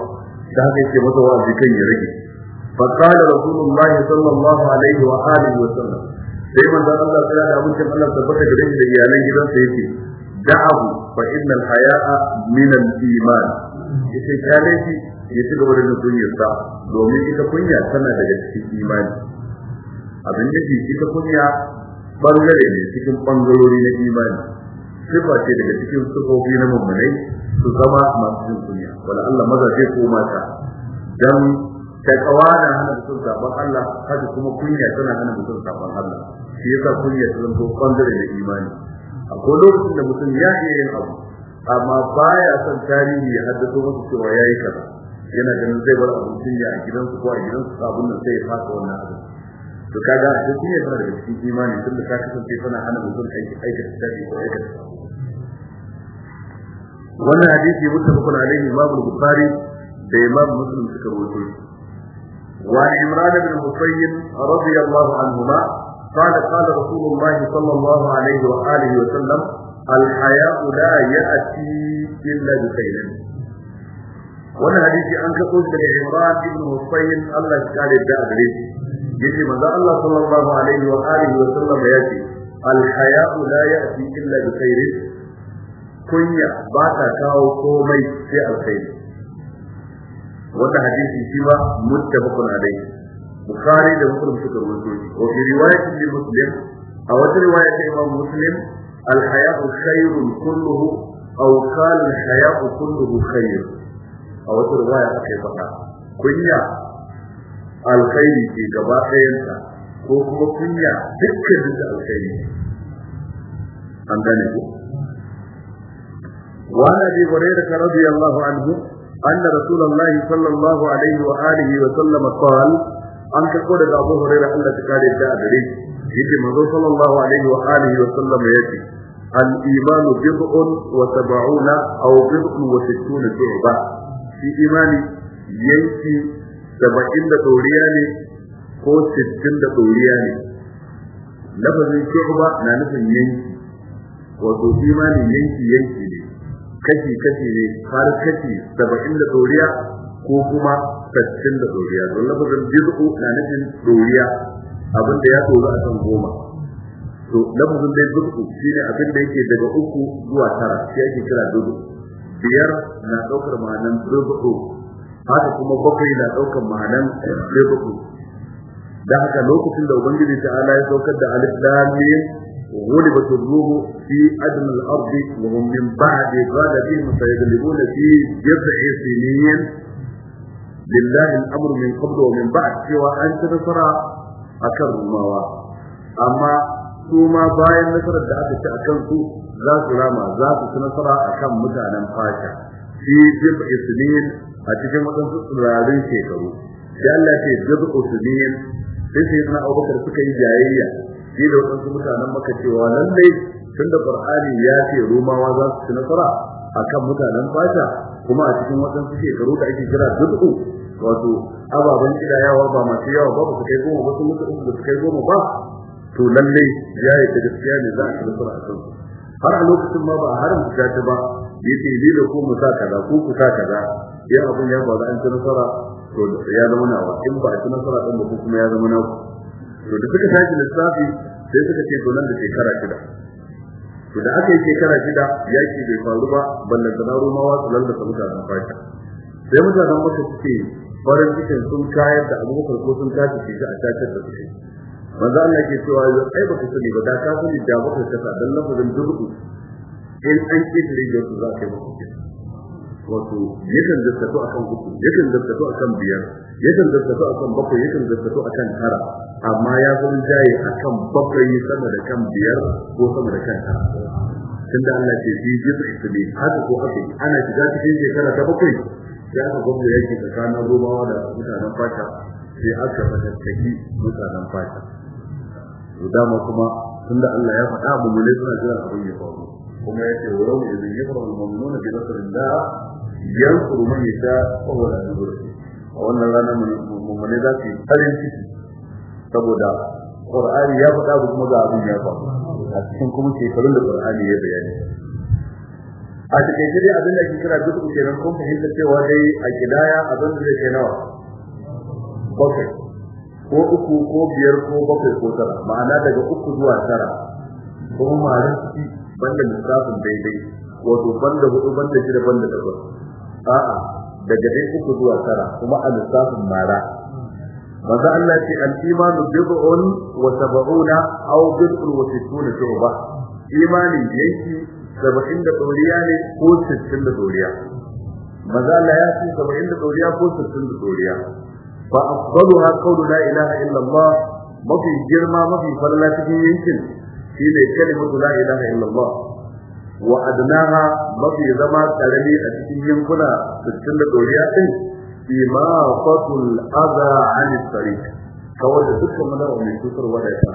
da haka yake masa wa'azi kan ya rage فقال رسول الله صلى الله عليه وآله وسلم sai manzon Allah sai da mutum Allah tabbata gare shi da iyalan gidansa yake da'ahu fa innal haya'a min al-iman yace kare shi ya ci da kunyar sa domin ita kunya tana daga cikin imani abin da ita bangare ne cikin bangarori na imani sifa ce daga cikin sifofi na mummunai su zama masu jin kunya wala Allah maza zai ko mata dan da kawana hana mutum sabon Allah haka kuma kunya tana hana sun sabon Allah shi yasa kunya ta zanto bangare da imani akwai lokacin da mutum ya iya yin abu amma baya son tarihi ya haddasa, masa cewa ya yi kaza yana ganin zai bar abincin ya a gidansu ko a gidansu sabon nan sai ya fasa wannan abu to kaga a cikin yana daga cikin imani tun da ka kasance tana hana mutum aiki aikata tafi ko aikata wannan hadisi muttafaqun alaihi imam al-bukhari da imam muslim suka rawaito وعن عمران بن حسين رضي الله عنهما قال قال رسول الله صلى الله عليه وآله وسلم الحياء لا يأتي إلا بخير wannan hadisi an kaso shi daga Imran ibn Husayn Allah ya da gare shi yace manzo Allah sallallahu alaihi wa alihi wa sallam yace al haya'u la ya'ti illa bi kunya ba ta kawo komai sai wanda hadisi shi ma muttafaqun alayhi bukhari da muslim suka rawaito shi wa fi riwayati muslim a wata riwaya ta imam muslim al haya'u khayrun kulluhu aw qala al haya'u kulluhu khayr a wata riwaya aka kai faɗa kunya alkhairi ke gaba ɗayanta ko kuma kunya dukkan da alkhairi an gane ko وعن ابي هريره رضي الله عنه أن رسول الله صلى الله عليه وآله وسلم قال an karko daga Abu Hurairah Allah ta kare ta a gare shi yace sallallahu alaihi wa alihi wa sallam yace al iman bid'un wa sab'una imani yanki da ne ko 60 da ɗoriya ne lafazin shu'ba na nufin yanki wato imani yanki yanki ne kashi kashi ne har kashi saba'in da doriya ko kuma sattin da doriya don lafazin jiz'u na nufin doriya abin da ya tsoro a kan goma to lafazin da jiz'u ne abin da yake daga uku zuwa tara shi ake kira jiz'u biyar na ɗaukar ma'anan jiz'u haka kuma bakwai na ɗaukar ma'anan jiz'u da haka lokacin da ubangiji ta ala ya saukar da alif lam mim غلبت الروم في أدنى الأرض وهم من بعد غلبهم سيغلبون في جبع سنين لله الأمر من قبل ومن بعد سوى أن تنصر أكر الماوى أما ثم باين النصر الدعاء تأكلت ذات سلامة ذات تنصر أكم متعنا فاشا في جبع سنين أتجمع تنصر رارين شيكرو لأن الله في جبع سنين في سيدنا أبو بكر سكي جائية shi da wasu mutanen maka cewa lallai tun tunda qur'ani ya ce romawa za su ci nasara akan mutanen fata kuma a cikin waɗansu shekaru da ake kira dudu wato ababen kidayawa ba masu yawa ba su kai goma ba su mutu da su kai goma ba to lallai ya yi ta gaskiya ne za a ci nasara a kansu har a lokacin ma ba harin ta ta ba yace ni da ku mu sa kaza ku ku sa kaza ya abun ya ba an ci nasara to ya zama nawa in ba a ci nasara din ba kuma ya zama nawa to da suka sake lissafi sai suka ce to nan da shekara shida to da aka yi shekara shida yaki bai faru ba ballan da romawa su lallasa mutanen fasha sai mutanen maka suke farin cikin sun kayar da abubakar ko sun tashi shi a tashar da suke manzo Allah ke cewa yau ai baka sani ba da ka sani da baka kasa dan lafazin durku in an kidire da su za ka yi mutunci wato yakan zaskatu akan uku yakan zaskatu akan biyar yakan zaskatu akan bakwai yakan zaskatu akan tara amma ya san jaye akan bakwai sama da kan biyar ko sama da kan tara tunda Allah ce shi jiz'i tabi haka ko haka ana shiga cikin shekara ta bakwai sai aka gwamna yake tsakanin romawa da mutanen fata sai aka fatattaki mutanen fata dama kuma tunda Allah ya faɗa mu ne suna jiran abin ya faru kuma yake wa yau idan yafrahu al-mu'minuna bi da. yankuru man yasha wa huwa zuwa a wannan rana mummune za su yi farin ciki saboda Qur'ani ya faɗa ba kuma a abin ya faru a cikin kuma shekarun da Qur'ani ya bayani a cikin dai abin da ake kira duk kenan kun fahimta cewa dai a kidaya abin da zai nawa bakwai ko uku ko biyar ko bakwai ko tara ma'ana daga uku zuwa tara kuma ma'anar ciki banda lissafin daidai wato banda hudu banda shida banda takwas a'a daga dai uku zuwa tara kuma a lissafin mara manzo Allah ce al-imanu bid'un wa sab'una aw bid'un wa sittuna shu'ba imani yanki 70 da doriya ne ko 60 da doriya manzo Allah ya ce 70 da doriya ko 60 da doriya fa afdaluha qawlu la ilaha illa Allah mafi girma mafi farla cikin yankin shine kalimatu la ilaha illa Allah wa adnaha mafi zama karami a cikin yankuna cikin da doriya din fatul adha an tariq kawai da dukkan mana mai cutarwa da ta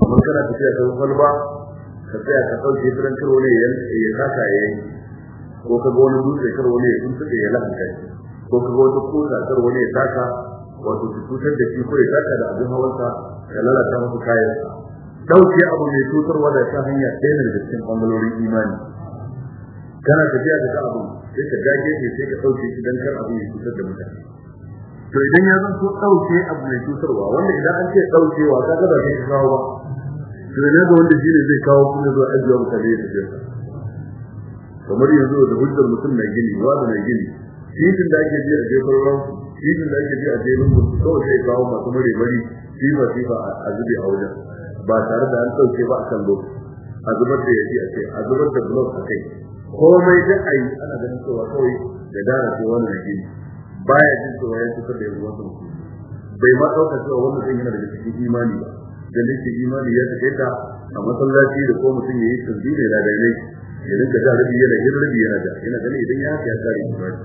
amma kana tafiya ta kwalba ka tsaya ka sauke firan karo yan ya kasa ya yi ko ka ga wani dutse karo ne sun suka ya kai, ko ka ga wata koza karo ne ya taka wato su da shi ko ya taka da abin hawansa ya lalata musu kayansa dauke abu mai cutarwa da ta hanya ɗaya daga cikin ɓangarorin imani kana tafiya da ta abu sai ka dage ne sai ka ɗauke shi don kar abu mai cutar da mutane to idan ya zan so ɗauke abu mai cutarwa wanda idan an ce ɗaukewa ka gaba sai ka kawo ba to ne da wanda shine zai kawo kuma zuwa ajiya mutane ya tafiya kamar yanzu da hujjar mutum mai gini wa da mai gini titin da ake biya a jefar ransu titin da ake biya a jefar ransu kawai sai kawo masu mare mari fifa fifa a zubi a wajen ba tare da an ɗauke ba akan lokaci a zubar da yaji a kai a zubar da blog a kai komai da ayi ana ganin cewa kawai da dara ce wannan gini baya jin cewa ya fitar da yawan wasu bai ma ɗauka cewa wannan zai yana daga cikin imani ba da nake imani ya ta a masallaci da ko mutum ya yi ne da ladailai ya rinka da rabi yana yin rabi yana da yana ganin idan ya haka ya ya imani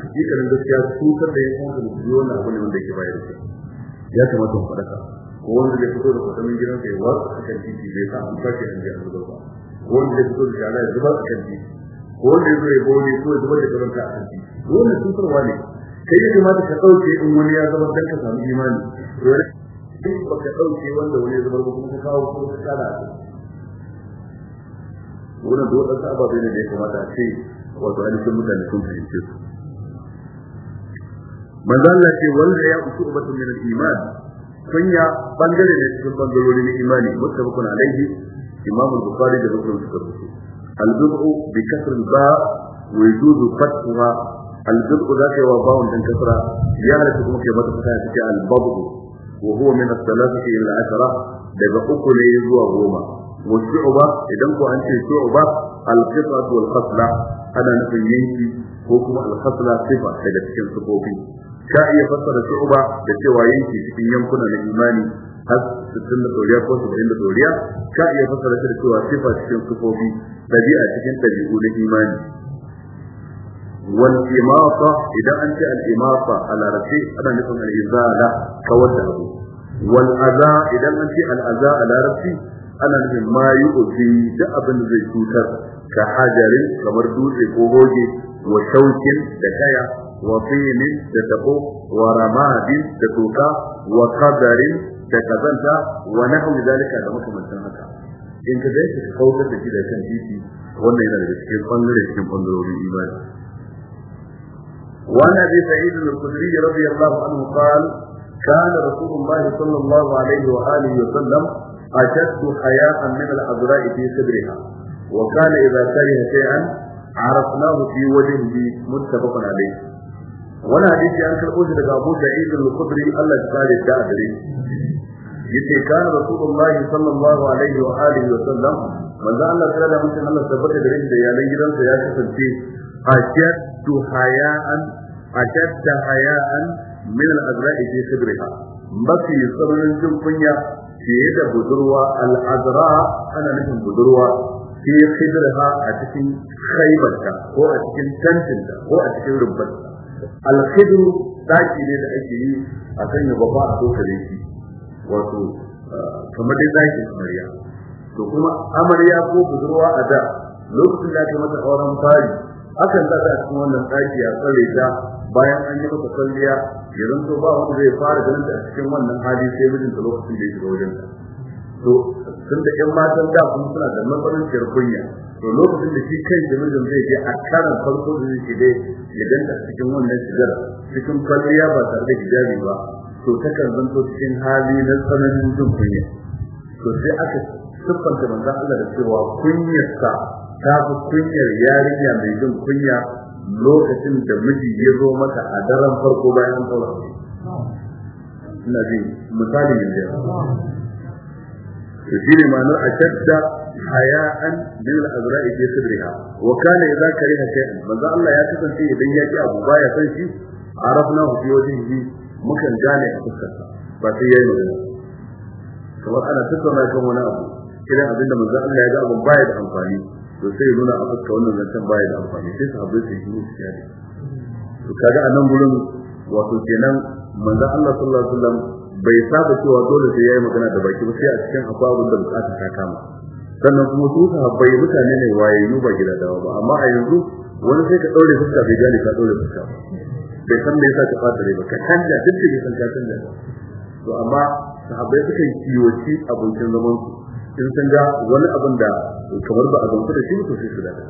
hakikanin gaskiya su kan da yan uwan da mutum yana abu ne wanda yake bayar da ya kamata mu faɗaka ko wanda zai fito da kwatamin gidan sai wa a kan titi bai sa an sake an gyara zuba ba ko wanda zai fito da shara ya zuba a kan titi ko wanda ya zo ya bori ko ya zuba da karanta a kan titi dole sun sarwa ne kai ya kamata ka ɗauke in wani ya zama dan ka samu imani to ya ba ka ɗauke wanda wani ya zama ba kuma ka kawo kuma ka kara wannan duk wadansu ababai ne da ya kamata a ce wato ainihin mutane sun fahimce su manzo Allah ce wanda ya usu ubatun min al-iman kunya bangare ne cikin bangarori na imani muttafaqun alaihi imam al-bukhari da muslim suka rubuta al-bid'u bi kasr al-ba wa yujuzu fathuha al-bid'u kai wa ba'un dan kasra ya halatta kuma ke mata fata take al-babu wa huwa min al-thalathati ila al-ashara daga uku ne zuwa goma wa shu'ba idan ko an ce shu'ba al-qit'atu wal-qasla ana nufin yanki ko kuma al-qasla sifa daga cikin sufofi ka iya fassara shu'ba da cewa yanki cikin yankuna na imani har sittin da tsoriya ko saba'in da tsoriya ka iya fassara shi da cewa sifa cikin sufofi ɗabi'a cikin ɗabi'u na imani والإماطة إذا أنت الإماطة على رشيء أنا نفهم الإزالة كوده والأذى إذا أنت الأذى على رشيء أنا نفهم ما يؤذي دأب زي كمر دوسي كوهوجي da دكايا wa filin da tabo wa ramadi da toka wa qadarin da kazanta wa nahwi zalika da makamantan haka in ka dai ka kautar da shi da kan titi wannan yana daga cikin bangare cikin سعيد الخدري رضي الله عنه قال كان رسول الله صلى الله عليه واله وسلم اشد حياء من العذراء في صدرها وكان اذا كره شيئا عرفناه في وجهه متفق عليه wannan hadisi an karɓo shi daga Abu Sa'id al-Khudri Allah ya kare da gare yace kana rasulullahi sallallahu alaihi wa alihi wa sallam manzo Allah ya da mutum Allah tabbata da rinda ya lan gidansa ya kasance ashaddu haya'an ashadda haya'an min al-azra'i fi sidriha mafi tsananin jin kunya fiye da budurwa al-azra ana nufin budurwa fi sidriha a cikin khaibarta ko a cikin tantinta ko a cikin rubbanta alkhidr daki ne da ake yi a sanya baba a dokare shi wato ah, kamar dai daki amarya to kuma amarya ko budurwa a da lokacin da aka mata auren fari akan daga a cikin wannan daki a tsare ta bayan an yi mata kalliya, ya zanto ba wanda zai fara ganin ta a cikin wannan hali sai da lokacin da ya shiga wajen ta to da ƴan matan da kuma suna da matsalanciyar kunya to lokacin da shi kai da mijin zai je a karan farko da zai shige ya danta cikin wannan shigar cikin kwalliya ba tare da hijabi ba to kan zanto cikin hali na tsananin jin kunya to sai aka siffanta manzan Allah da cewa kunyarsa ta fi kunyar yarinya mai jin kunya lokacin da miji ya zo mata a daren farko bayan saura ina ji misali ne da to shi ne ma'anar ashadda حياء من الأزراء في صدرها وكان إذا kana شيئا kariha shay'an manzo Allah ya kasance idan ya ki abu baya san shi arafna hu fi wajhihi mukan gane a fuskarsa ba sai yayi magana kamar ana tattauna kan wani abu idan abinda manzo Allah ya أبو abun baya da amfani to sai nuna a fuska wannan zancen baya da amfani sai sahabbai su yi su yade wato kenan manzo Allah sallallahu alaihi bai saba cewa dole sai yayi magana da baki ba sai a cikin ababun da bukata ta kama sannan kuma su bai mutane ne waye yu ba gida dawa ba amma a yanzu wani sai ka daure fuska bai gane ka daure fuska bai san me yasa ka fata ne ba ka canja duk da san ka canja to amma sahabbai suka yi kiwoci abincin zaman su in san ga wani abin da kamar ba a gamsu da shi to sai su dace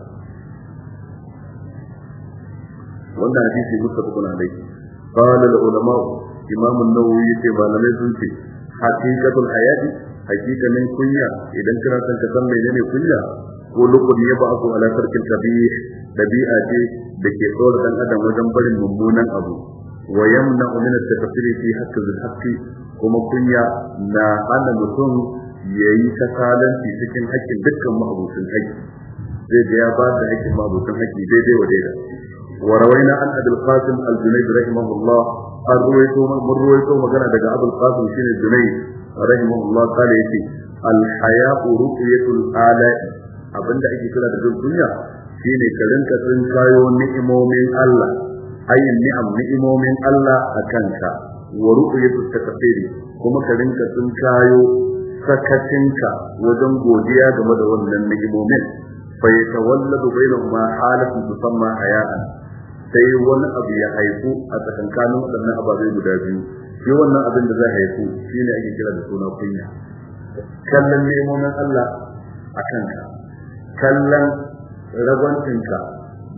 wannan hadisi muttafaqun alayhi qala al ulama imam an-nawawi yace malamai sun ce hakikatul hayati hakikalin kunya idan kana son ka san menene kunya ko lokacin ya ba ku ala sarkin tabih dabi'a ce da ke tsora dan adam wajen barin mummunan abu wa yamna min at-tafsiri fi haqqi al-haqqi kuma kunya na hana mutum yayi kasalanci cikin haƙƙin dukkan ma'abucin haƙƙi zai da ya ba da haƙƙin ma'abucin haƙƙi daidai wa daida wa rawaina an abul qasim al-junayd rahimahullah an ruwaito mun ruwaito magana daga abul qasim shine junayd rahimahullah kala yace al-haya'u ruqyatul ala'i abinda ake kira da jin shine ka rinka tsinkayo ni'imomin Allah ayin ni'am ni'imomin Allah a kanka wa ruqyatul takfiri kuma ka rinka tsinkayo sakacinka wajen godiya game da wannan ni'imomin fa yatawalladu bainahuma halatun tusamma haya'an sai wani abu ya haifu a tsakankanin waɗannan ababai guda biyu shi wannan abin da za a yi ku shi ne ake kira da suna kunya kallon nemonin Allah a kanka kallon ragwancinka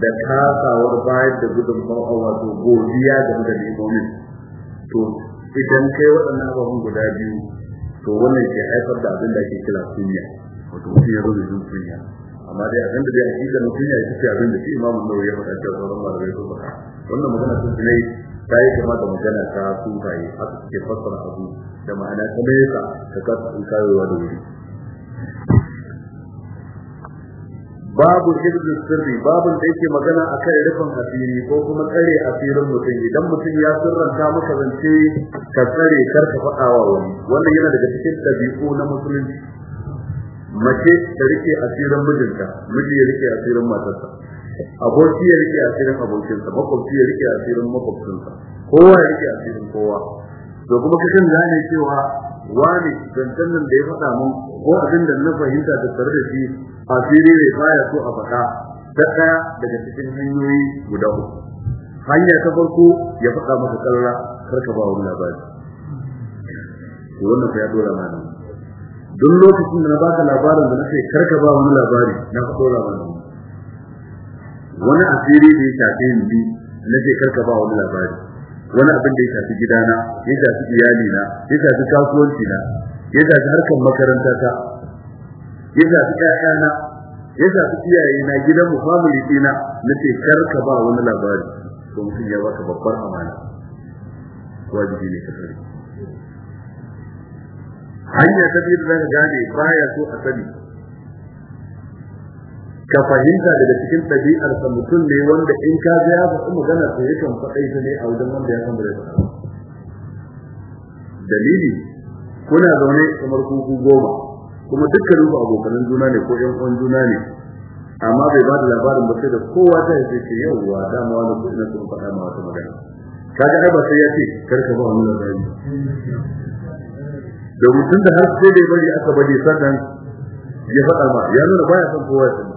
da kasawar bayar da gudun bawa wato godiya da da nemonin to idan kai waɗannan abubuwan guda biyu to wannan ke haifar da abin da ake kira kunya wato mutum ya zo da jin kunya amma dai abin da dai a cikin kunya ya fi abin da shi imamu nawawi ya faɗa cewa sauran malamai ko baka wannan magana sun ne ta yi kama da magana ta sufaye haka suke fassara abu da ma'ana ta nesa ta kasu kai kayowa da wuri babu irin sirri babu da yake magana akan rufin asiri ko kuma tsare asirin mutum idan mutum ya sirranta maka zance ka tsare kar ka faɗa wa wani wannan yana daga cikin ɗabi'u na musulunci mace ta rike asirin mijinta miji ya rike asirin matarsa aboki ya rike asirin abokinsa makwabci ya rike asirin sa kowa ya rike asirin kowa to kuma kashin gane cewa wani zancen nan da ya faɗa mun ko abin da na fahimta da tare da shi asiri ne baya so a faɗa ta ɗaya daga cikin hanyoyi guda uku hanya ta farko ya faɗa maka kalla karka ba wani labari to wannan ya dora mana duk lokacin da na baka labarin da na karka ba wani labari na faɗo labarin. wani asiri da ya shafi ni na ce karka ba wani labari wani abin da ya shafi gidana ya shafi iyalina ya shafi kasuwancina, ya shafi harkar makaranta ta ya shafi ƴaƴana ya shafi iyaye na mu family dina na ce karka ba wani labari to mutum ya baka babbar amana wajibi ne ka sani hanya ta biyu da zaka gane baya so a sani ka fahimta daga cikin ɗabi'ar sa mutum ne wanda in ka ga ya faɗi magana to yakan faɗai ta ne a wajen wanda ya san ba dalili kuna zaune kamar kuku goma kuma dukkan ku abokanan juna ne ko ƴan uwan juna ne amma bai ba da labarin ba sai da kowa ta yi ce yauwa ma wani kuɗi na sun faɗa ma wata magana kaga ai ba sai ya ce kar ka ba wani labari domin tun da har sai dai bari aka bari sannan ya faɗa ma ya nuna baya son kowa ya sani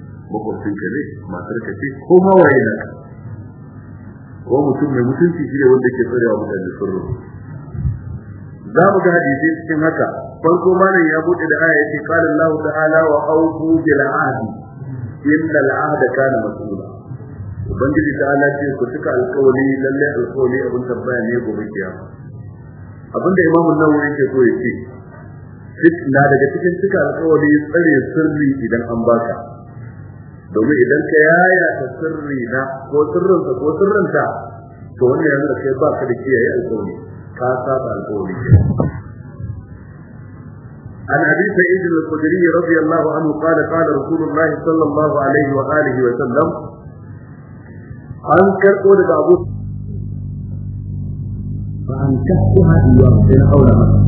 makwabcin ka ne matar ka ce ko ma waye na ka ko mutum mai mutunci shi ne wanda ke tsarewa mutane sirrin za mu ga hadisi cikin haka farko malam ya bude da aya yace qala Allah ta'ala wa awfu bil ahdi inna al ahda kana mas'ula ubangiji ta'ala ce ku cika alƙawari lalle alƙawari abin tabbaya ne gobe kiyama abinda imam an-nawawi yake so ya ce duk na daga cikin cika alƙawari tsare sirri idan an baka domin idan ka yaya ta sirri na ko sirrinsa ko sirrinta to wani yanzu da kai ba ka da kiyaye alƙawari ka saba alƙawari عن ابي سعيد الخدري رضي الله عنه قال قال رسول الله صلى الله عليه واله وسلم عن كرقود ابو فانكحتها اياه بين قول مكه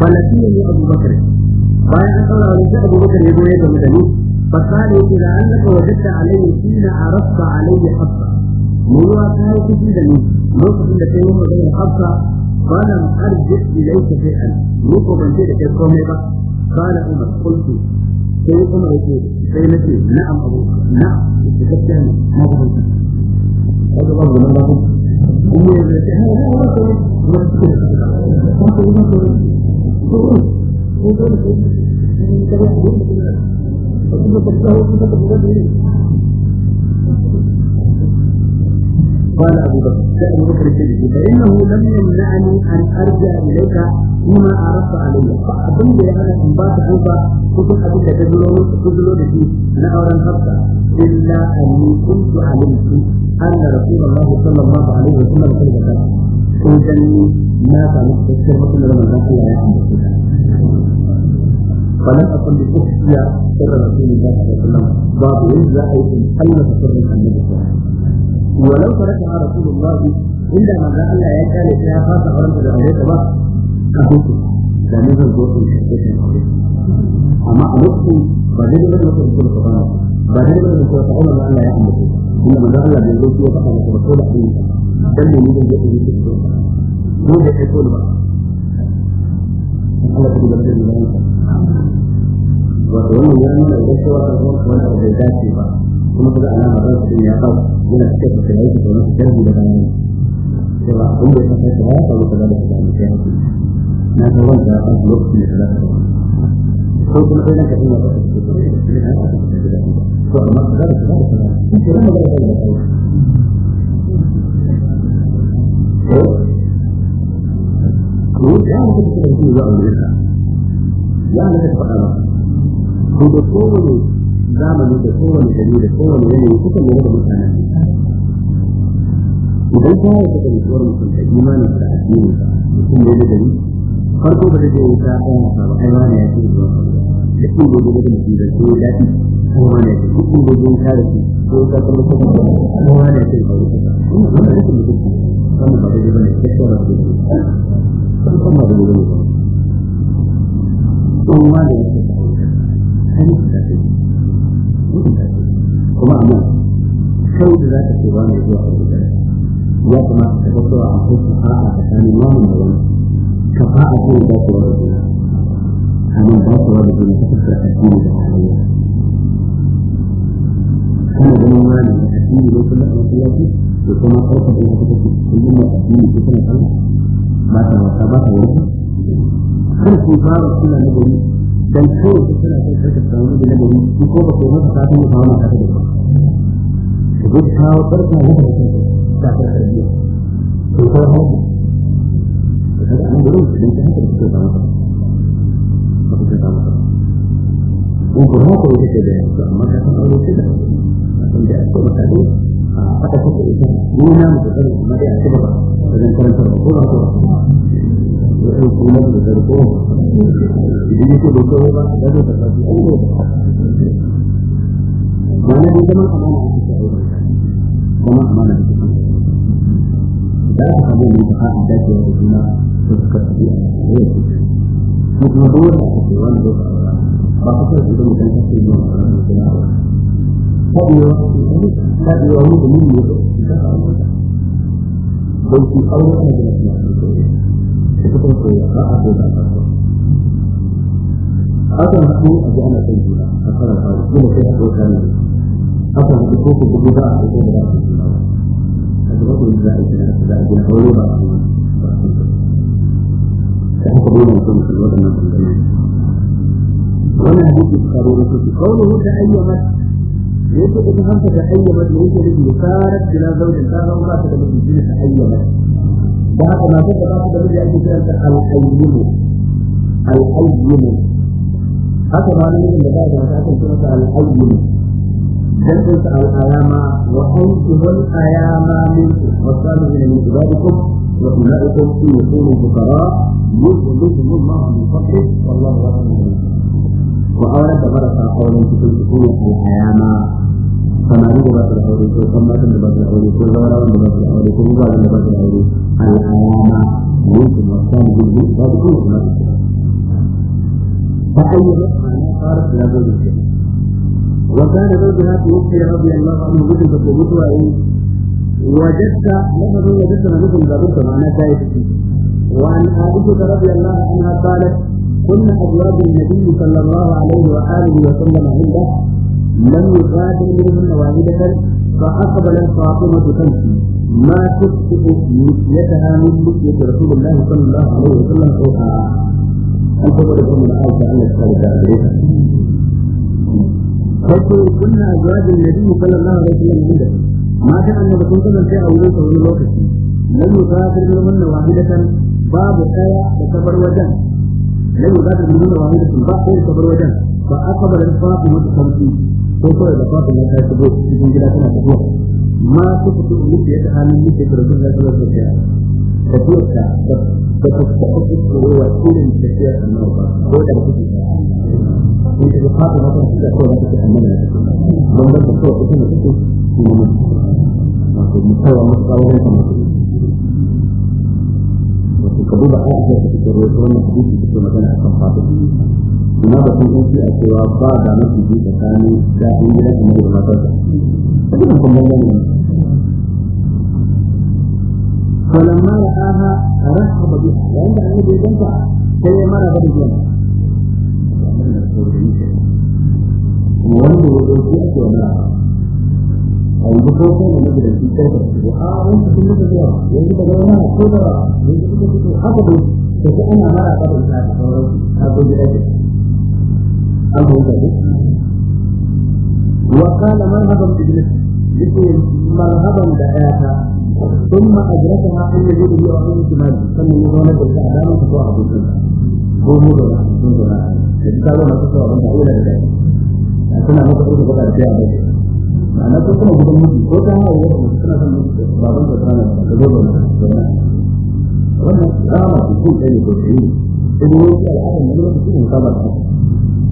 فلكيني ابو بكر قال ابو بكر يقول يده فقال إذا أنك وجدت عليه حين عرضت عليه حقا من هو كثيرا تجد لي موقف إن يوم غير حقا فلم أرجع إليك شيئا موقف أن تجد القوم قال عمر قلت sai kuma yake sai na ce na'am abu na'am da gaskiya ne na ba hanta kaga babu nan ba kuma ya ce ha ha ha ko ko ko ko ko ko ko ko ko قال أبو بكر أبو بكر الصديق فإنه لم يمنعني أن أرجع إليك فيما أعرضت علي فأظن أنا إن بات أنت كتب أبيك تدلو تدلو لك نهرا خطا إلا أني كنت علمت أن رسول الله صلى الله عليه وسلم قد ذكر إذا ما كان يستشير مثل رمضان الله يحمد فلن أقل بأحيا سر رسول الله صلى الله عليه وسلم باب يجزى أي إن حلت سر النبي ولو تركها رسول الله عندما قال الله يا كان يا خاصة أرمت لأوليك بس كفوت لأن يزل جوة الشيطان أما أمسكم بدل من رسول الله صلى الله بدل من رسول الله صلى الله عليه وسلم إنما قال الله بيقول فيه فقط رسول الله دلني من جوة الشيطان ko da kai ko ba Allah ta gudanar wato wannan ya nuna da cewa zuwa bai dace ba kuma kaga alama ran su ya kawo yana cikin yake da ya ya da na da ko kuma kai na ka ina amma to ya mutum ke yanzu ya aure ka ya Allah ya faɗa ba to da kowane zamani da kowane gari da kowane yanayi kuka lura da mutane idan ka yi da rikuwar mutum da imanin da addini mutum ne da gari farko ba zai yi ta ɗaya ai wani ya ce zuwa da shi ne da mutum da ko ko wani ya ce ko ko da yin kare shi ko ko wani ya ce ba wani ba wani ya ce mutum ba ba da ba ne ya ce ba sun san da gudu ba kuma da yake hannun da ta kuma amma kai da za ka ce ba mai zuwa a gudu ya kamata ka fito a hukunta fa'a tsakanin mamun da wani ka ce da ta wani gudu a nan ba ta wani gudu ta fuskar addini da halayya kana ganin malam da addini da, kuma a masallaci da kuma farko da ya fito cikin addini da, kuma sallah ba ta wasa ba ta fara suna na gari dan ko suna kai da na gari ku ko ba ta kuma da ba ku ku kawo ta ta ta ta ta haka suka ita nuna mu tsari amma da a ci gaba wajen karanta ko ba ko ya ɗau kuma da zarko idan yake da ba da zai ta an yi wani dai zaman amana a cikin aure amana a cikin da aka samu ne ta haɗa dacewa da da suka tafi a cikin ko kuma dole a cikin wani lokaci ba ku sai idan mutum ta ce yin wani lokaci هذه يعود مني بيتي أول أنا أصلا أقول أجي أنا بيتي أقول الحاجة كل شيء أقول كامل أصلا بتشوف البجوع بتشوف البجوع أتذكر إزاي كنا نتبع بين حولنا تحصلون لكم في الوطن المسلمين ولا حديث قالوا لكم قوله تأيمت ليس إذا أنت تحيمت ليس التي صارت إلى زوج كان امرأة المسلمين تحيمت بعد ما تبقى بعد الذي أنت كانت الحيم الحيم هذا ما نريد أن نبعد ما تأتي كلمة الحيم جلسة الأيام وأنتم الأيام منكم والصالحين من عبادكم وأولئكم في يكونوا فقراء يخرجهم الله من فضله والله غفور ku aurar da marasa auren cikin su ne alhayama samari da ba su da aure ko kan matan da ba su da aure ko zaurawan da ba su da aure ko gugaren da ba su da aure gudu ba su kuma فأي قالت لا زوج وكان زوجها رضي الله عنه وجدت وجدت وجدت لفظ وجدت لكم ذكرت وعن عائشة رضي الله عنها قالت كل أزواج النبي صلى الله عليه وآله وسلم عنده لم يقاتل منهن واحدة فأقبلت فاطمة تمشي ما تكتب مثلتها من مثلة رسول الله صلى الله عليه وسلم فوقها أنت ولكم العائشة أن الثالثة عليها فقل كنا أزواج النبي صلى الله عليه وسلم عنده ما كان أن الله في أولوك من الوقت لم يقاتل منهن واحدة باب آية تكبر وجهه lai ba da nuna wa mutum ba ko ta bar wajen ba aka bar fafi mata kamfi ko kawai da fafi na ta shigo cikin gida tana tafiya ma su fito mutu yadda halin mutu da rasul Allah sallallahu alaihi wasallam tafiyar ta da ta tafi tsorewa irin tafiyar annabi ba ko ka duba a ake da cikin roƙo wannan hadisi da ke magana a kan fata kuma da kun a cewa ba da mafi ji tsakanin da gida kamar da matar da hadisin kuma wannan ne فلما رآها ta بها وعند أن يجي جنبها كي ya بالجنة وعند يجي جنبها a yanzu ko sai da nake da shi karfa su a wani cikin nake da yanzu da gaba na ko da yanzu kuka fito haka dai da ko ana mara kafin ta sauran ta ko da ake an ko da wa kana marhaban bi iblis yake marhaban da ayata ثم أدركها أن يجد لي أعين شمالي ثم يقول لك الأعلام تقوى أبو سلمة هو مدرع مدرع الكتاب ما تقوى أبو سلمة أولا لذلك أكون أبو سلمة قد أرجع بيتي ana ko kuma gidan miji ko ta hawa wasu suna son miji baban ka tsana ka zo da wannan wannan rama ce ko kai ne ko kai ne idan wani al'adar da lokaci ne ka ba ta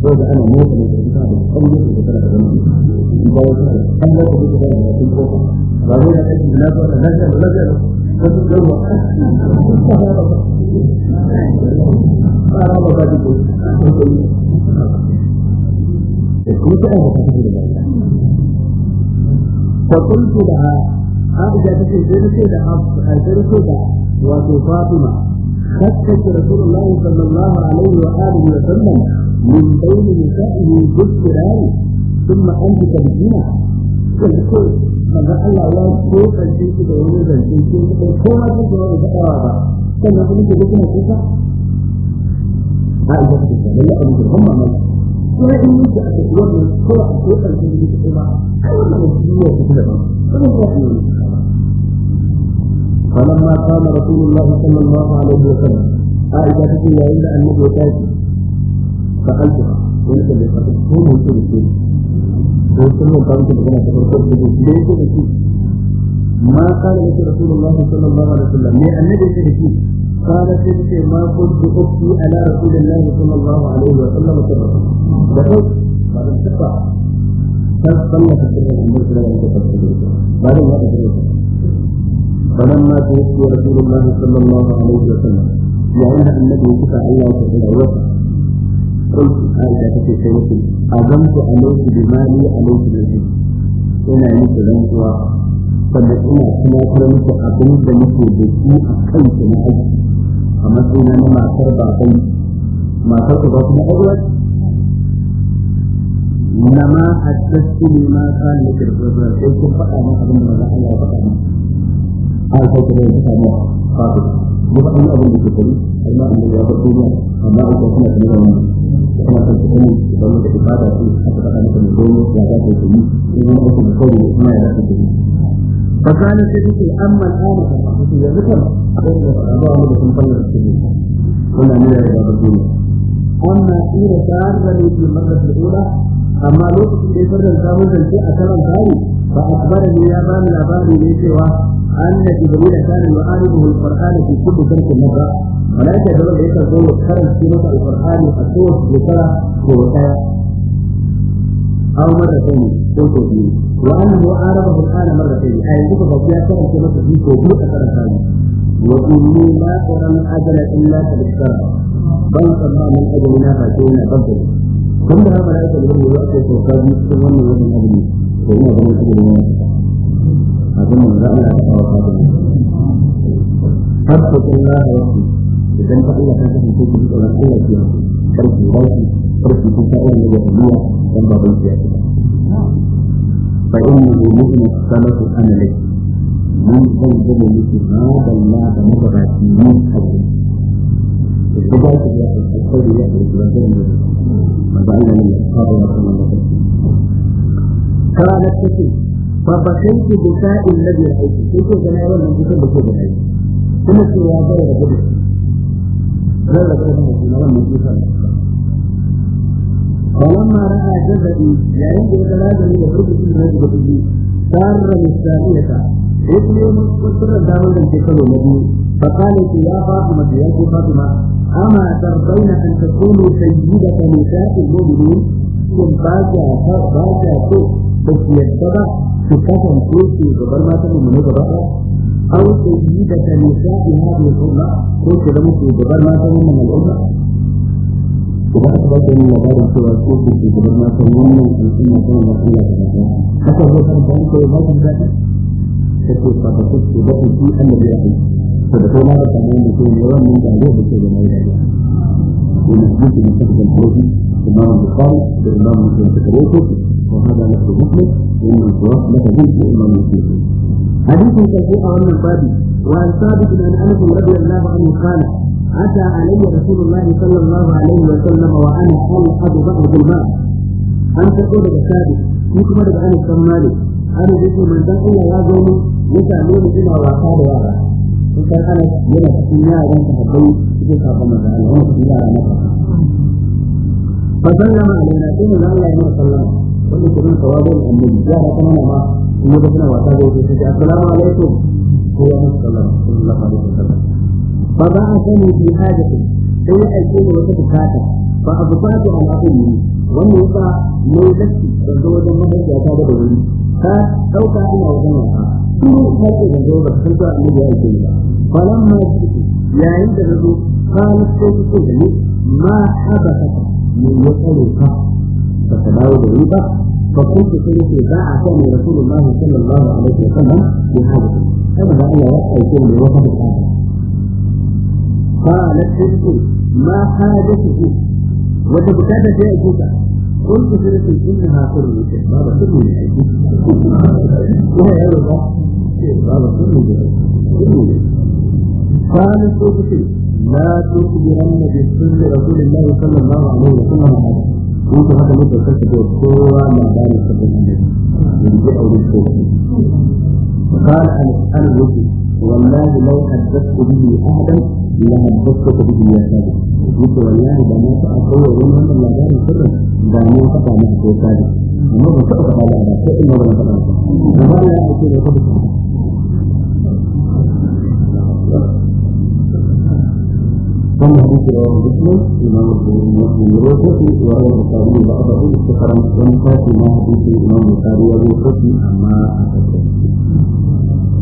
ko da ana mota ne da ta da kawai da ta da zaman ba wata an ba ta da da ta ko ba wai da kake na ba da nan da lafiya ko ta ga wa ba ra ba ta ko ko ko ko eh, ko فقلت لها خارجة تكي درسي درسي وفي فاطمة خدت رسول الله صلى الله عليه وآله وسلم من بين نسائه بالقرآن ثم أنت تبدينا تذكر ماذا قال الله كيف الجنس بعيون الجنس كيف ما كنت هذا الأعرابة كان بكنا كيف عائشة تكي لا هم مالك daɗin da aka fi wannan ko a ko ƙarfin da ke ba kai wannan shi ne ku da ba kuma ko ku yi فلما قام رسول الله صلى الله عليه وسلم عائشة تقول لا إلا أن نبي تاتي فقلتها قلت لقد كنت ممكن الشيء وسلم قام تبقى تقول ليس ما قال لك رسول الله صلى الله عليه وسلم يا النبي تاتي قالت تلك ما كنت أبكي على رسول الله صلى الله عليه وسلم سببا دخلت فلم تقع فصلى في السنة المرسلة لم تقع بعد ما أدركت فلما توفي رسول الله صلى الله عليه وسلم لأن النبي كفى الله تعالى وفى قلت عائشة في سيرتي أظنت عليك بمالي عليك بالحج ina miki rantsuwa sannan ina kuma kuma miki abin da nake da shi a kanki na aiki a matsayin na matar baban matar ku ba kuma ƙwaƙwalwa na ma a tattu ne ma tsarin da kirkir da sai kun faɗa min abin da maza Allah ya faɗa min an sai kuma ya faɗa min faɗi ya faɗa min abin da ke kari amma an da ya faɗo min amma an kuma kuma da wani kuma kan su kuma da wani da ke fada su aka faɗa maka mai gani ya za ta yi kuma an kuma kawai kuma ya za ta yi fasali sai yake amma ta ne ta fasali ya zuka akwai da fara zuwa da kuma fara su ne ya zaba su ne amma tsira ta hanzar ne ke maka amma lokacin da ya fara samun zance a karan kari ba a kuma ne ya ba ni labarin ne cewa an da ke gani da kanin ma'ani da hulfar kanin ke kudu kan kuma ba malaka da ya karɓo karan tsira da hulfar a kowace shekara ko wata أو مرتين أو كوبين وأنه عارضه الآن مرتين أي يجب فيها كرم كما تجي كوبين أثر الثاني وإني ما أرى من أجل إلا قد اخترع بل قضى من أجلنا فاتين قبل ثم لا ملائكة الأمر وقت وقد يستمر من أجلي وإن أظن أجلنا أظن أن رأى لا تتوقع فاتقوا الله وقتي إذا أنت إلا كانت من كل شيء ولا قوة فيها كرم ترك تسائر الجاهلية والبغية فإنه مؤمن السلف أنا لك من زلزل مثل هذا الله نظر من حجه الحجاج القول يحدث رجلا فجعلنا من أصحاب رسول الله قالت تسير فبكيت بكاء الذي رأيت كيف جناية ولا كيف بكيت جناية ثم سيادة وجدت لا لا كيف نحن لم نكيف فلما رأى جسدي يعني إذا لازم يخرج من رجله سار الثانية يوم مستر داود الجسد الذي فقالت يا فاطمة يا فاطمة أما ترضين أن تكونوا سيدة نساء المؤمنين كن ba ta ba ta so ba ki yadda ba ki kasance ki gabar mata mu ne gaba ɗaya an ko yi da ta nisa ina da da aka ba da labarin cewa ko ku ke da mata wannan kuɗi na kan da Allah ta ba haka ko kan kan ko ba ku da ta ko ta ba ku ke da kuɗi Allah ya yi to da kuma da kan mu ko ne wannan da ne ba ke da mai da ko ne ku ke da kuɗi ko ku kuma da kan da Allah mu ko ta ko ku وهذا لك مثله ومن الخلاص لك جنس إلا المسلم حديث كثير عن الباب وعن ثابت عن أنس رضي الله عنه قال أتى علي رسول الله صلى الله عليه وسلم وأنا ألحظ بعض الماء أن تقول بكابي فيكم أنا عن السمالي أنا جيت من ذاك إلا يا زوجي يسألون إلى وآخر وآخر إن كان أنا يلا تسمينا أن تحبي جيت أبو مزعل في الله على نفسي فسلم علينا ثم لا الله يمر صلى الله wanda ke nuna tawabin annabi ya da kuma nama kuma da suna wasa da yake sai assalamu alaikum ko ya ba za a sani fi hajjata sai ya aike ni wata bukata fa abu ba ta al'akari wanda ya sa mai latti da zo wajen mahaifiya ta da wuri ka ɗauka ina wajen wasa kuma ka ce da zo ba san ta annabi ya aike ni ba falan ma yayin da zo kwanan sai ku ce da ni ma haɓa ka ne ya tsare ka ba ka dawo da wuri ba فكنت سنتي باع كان رسول الله صلى الله عليه وسلم بهذا هذا بقى يوقع يكون بوقت الآخر قالت تلك ما حاجتك وتبكات جائزك قلت سنة إنها حرمتك بابا كله يعيشك وهي يا رب بابا كله يعيشك قالت تلك لا تخبرن بسر رسول الله صلى الله عليه وسلم هذا in ka haka muka kasa da kowa labarin sabbin annabi yanzu a wurin kowa قال الحسن الوجه والله لو حدثت به احدا لما حدثت به يا سالم قلت والله ده ما تعطوه وما من الله دار سر ده ما تقع من سوى سالم وما من سوى قال هذا كيف ما بنا تقع وما لا يكون يقول ثم حديث رواه مسلم إمام البخاري ومسلم رواه مسلم رواه البخاري بعضه استخرج من كتاب ما حديث الإمام البخاري وابو حسن أما أنت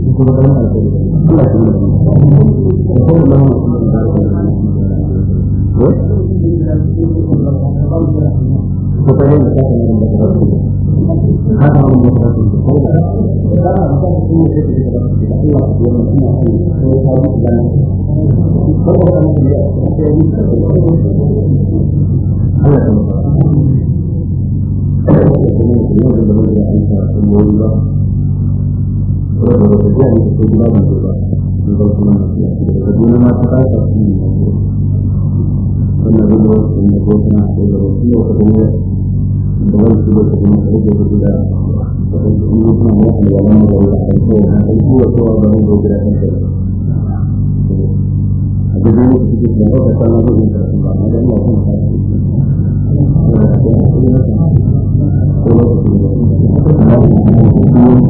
kuma ganin ya ya ya saboda da tafiya ne ta kai gida da ba in kuma na fiya da ta kasa shi ne kuma ka rage da gida da kuma kuma kuma a yawan da wani a kai ya kan ka ko da kuma ko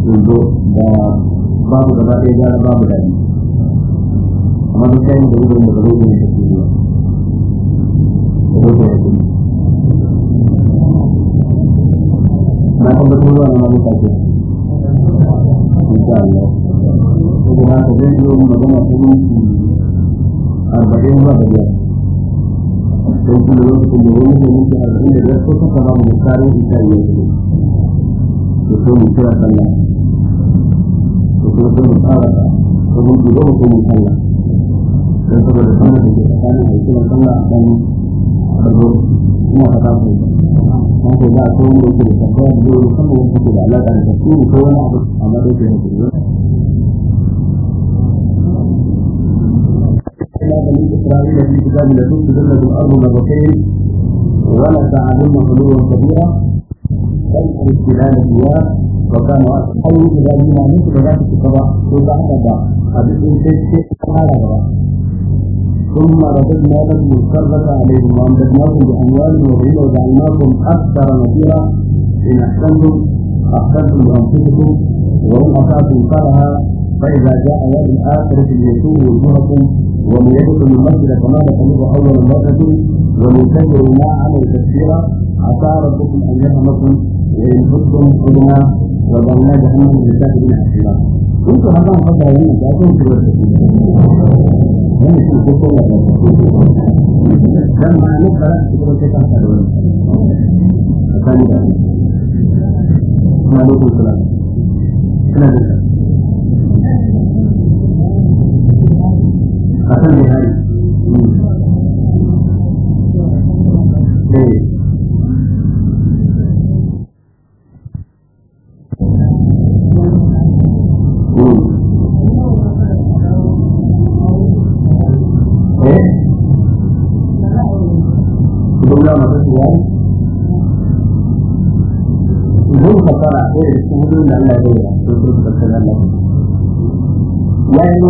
yanzu da babu gaba ɗaya gara babu daɗi amma duk kayan da wurin da gaba ne da ke na kan zuwa na mabu kake insha Allah ko da haka zai yi magana ta minti arba'in zuwa da biyar don kuma lokacin da wani da minti arba'in da biyar ko ne mu kira sallah يكون صار ومن تجوه من صلى dan saboda sun da ke tsakanin a cikin sallah a kan rago kuma ka ta ku dan ko za a so wanda yake da tabbaya da yake musamman wanda yake da alaƙa da tafsiri ko wani abu amma dai ke yake yi إلى بني إسرائيل في كتاب لكم تدلت الأرض مرتين ولا تعلمنا علوا كبيرا بل الاستلال فيها ثم رددنا لكم القرة عليهم وأمددناكم بأموال وبنين وجعلناكم أكثر نصيرا إن أحسنتم أحسنتم لأنفسكم وإن أسأتم فرها فإذا جاء يوم الآخرة ليسوء وجوهكم ومن يدخل المسجد كما دخلوه أول مرة ومن كثر ما عمل تكثيرا عسى ربكم أن يرحمكم hukum kudina sabarnya jangan menderita kudina akhirat. Ini kenapa engkau tahu ini? Saya pun terus. Ini cukup lah. Dan makhluk barat sebelum kita tahu. Tadi tadi. Makhluk itu lah. Kenapa? Akan dihari.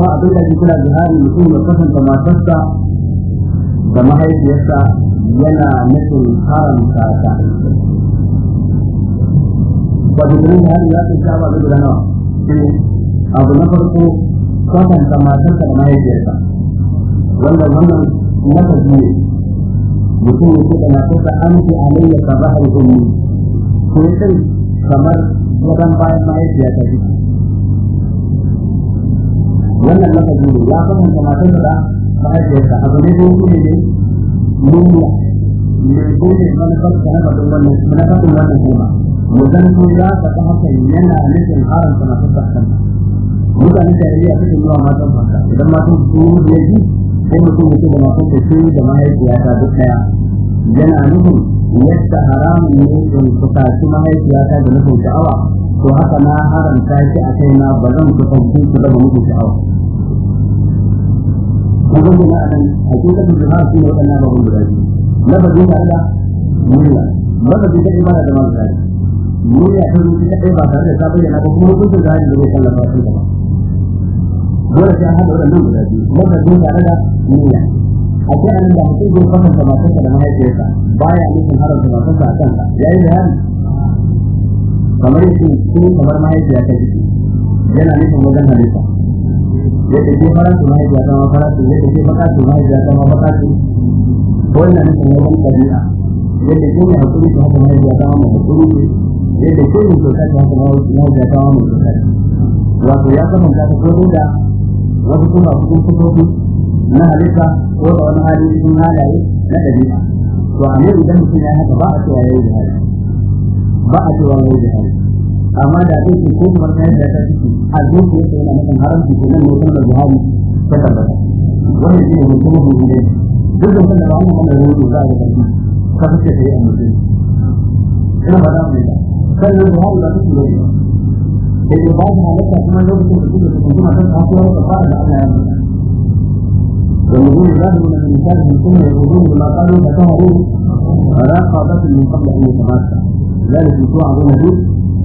kuma abin da ake kira jihari mutum ya kasanta matarsa da mahaifiyarsa yana nufin haramta ta wato kuma jihari ya ce ta ba zai guda abu na farko kwatanta matarsa da mahaifiyarsa wannan wannan lafazi ne mutum ya ce da matarsa an fi alayya ka ba a yi ko ya kamar wajen bayan mahaifiyarsa wannan na ne ya fahimta matar da mahaifiyarsa abu ne da yake ne nuna mai gode manufar da na faɗin wannan manufarin ta kalma mu zanto ya ta hakan yana nufin haramta matar da kan mutane da yariya suke zuwa matan fasa idan matan su yi yaji sai mutum ya ce da matan da ke da mahaifiyata duk ɗaya yana nufin yadda haramun ne ta in kusaci mahaifiyata da nufin sha'awa to haka na haramta shi a kai na ba zan ku san ku da ku sha'awa kuma ina adan a cikin da zuwa shi ne ba babun da shi na babin da Allah murya ba da ibada da mababin da murya ta zuci ta ɗaya ba tare da ta na ko kuma da hali da zai tallafa shi ba dole sai an haɗa waɗannan guda biyu mababin da Allah murya a kai an da mutum zai kwatanta matarsa da mahaifiyarsa baya nufin haramta matarsa a kansa yayin da kamar shi ko kamar mahaifiya ta ciki yana nufin wajen halitta yadda ke fara su mahaifiya ta ma fara su yadda ke baka su mahaifiya ta ma baka su wannan nufin wajen ɗabi'a yadda ke mai hakuri ta haka mahaifiya ta ma mai yadda ke mai kyauta ta haka mahaifiya ta ma mai kyauta ce wato ya kamanta ta ko da wasu suna cikin sufofi na halitta ko da wani hali cikin halaye na ɗabi'a to a mai idan mutum ya haka ba a cewa ya yi da hali ba a cewa mai da hari amma da ake ce ko kamar kayan da ta ciki a zuciya ta yana nufin haramci ko nan mutum da buhari ta tabbata wannan shi ne mutum mutum ne duk da wanda ba mu kuma da wani za a ga ka fice ta yi a ina ba da mu ne sannan buhari ba su ne da ba su halatta kuma lokacin da suke kuma kan fara da ana yi والذين ظهروا من الانسان من ثم يعودون بما قالوا فكفروا فلا قابة من قبل ان يتغافى ذلك يسوع بن به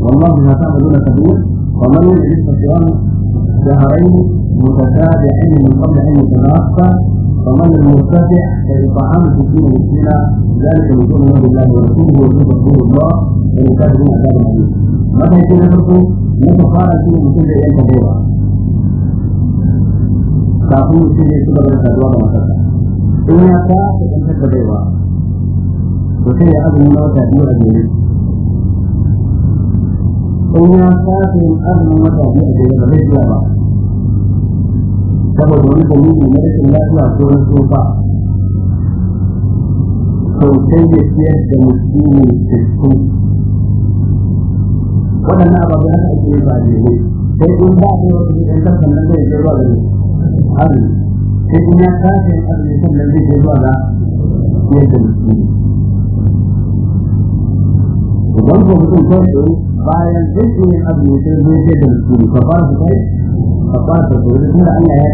والله ما تعملون كبير ومن يجد فصيام شهرين متتابعين من قبل ان يتغافى ومن المرتفع فإطعام ستين مسكينا ذلك نزول من الله ورسوله وجود رسول الله ولكافرين عذاب أليم. متى يكون يفرق يتقارن فيه من كل شيء كثيرا kafin mutum ya ci gaba da saduwa ga matarsa in ya ta kasantar da baiwa to sai ya azumi na wata biyu a jere in ya ta yin azumin wata biyu a jere ba zai iya ba saboda wani dalili na rashin lafiya ko na tsufa to sai ya ciyar da mutumin cikin waɗannan ababen da ake yi ba jere sai in ba a yi wasu ɗan sassan nan zai je ruwa gare azumi sai in ya tashi azumi sannan zai je zuwa ga yadda musulmi idan ko mutum ko su bayan zai je yin azumi sai zai je da musulmi ka fara su kai ka fara su kai da kuma Allah ya ce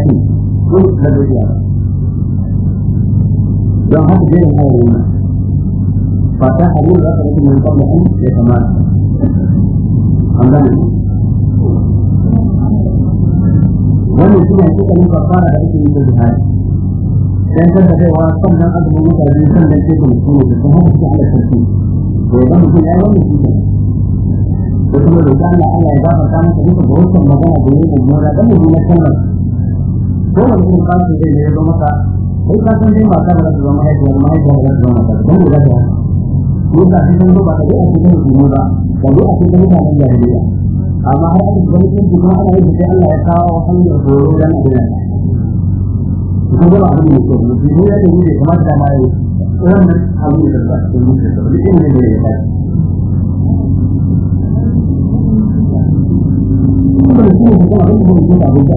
ko da gajiya don haka zai yi hawa yana fata halin da aka rikin yin kwamfani ya kamata an gane wannan shi ne cikin kafara da ake yi da jihadi dan kan da cewa sannan azumin mutane sannan ce da su da kuma su ala sarki to idan mutum ya yi wannan shi ko kuma da Allah Allah ya ba ka masa duka da wannan magana da yake da mura da mu na da ko mutum ka su da zo maka ko ka san dai mata da zuwa mai da mai da zuwa mata ko da ko ka san ba ka da shi ne ba da ya ce da mutanen jahiliya amma har aka ga mutum kuma ana yin sai Allah ya kawo hanyar horo dan Allah ko da abin da ke da shi ya yi ne kamar da mai wannan abin da ba su mutu da shi ne ne ya abin da ke abin da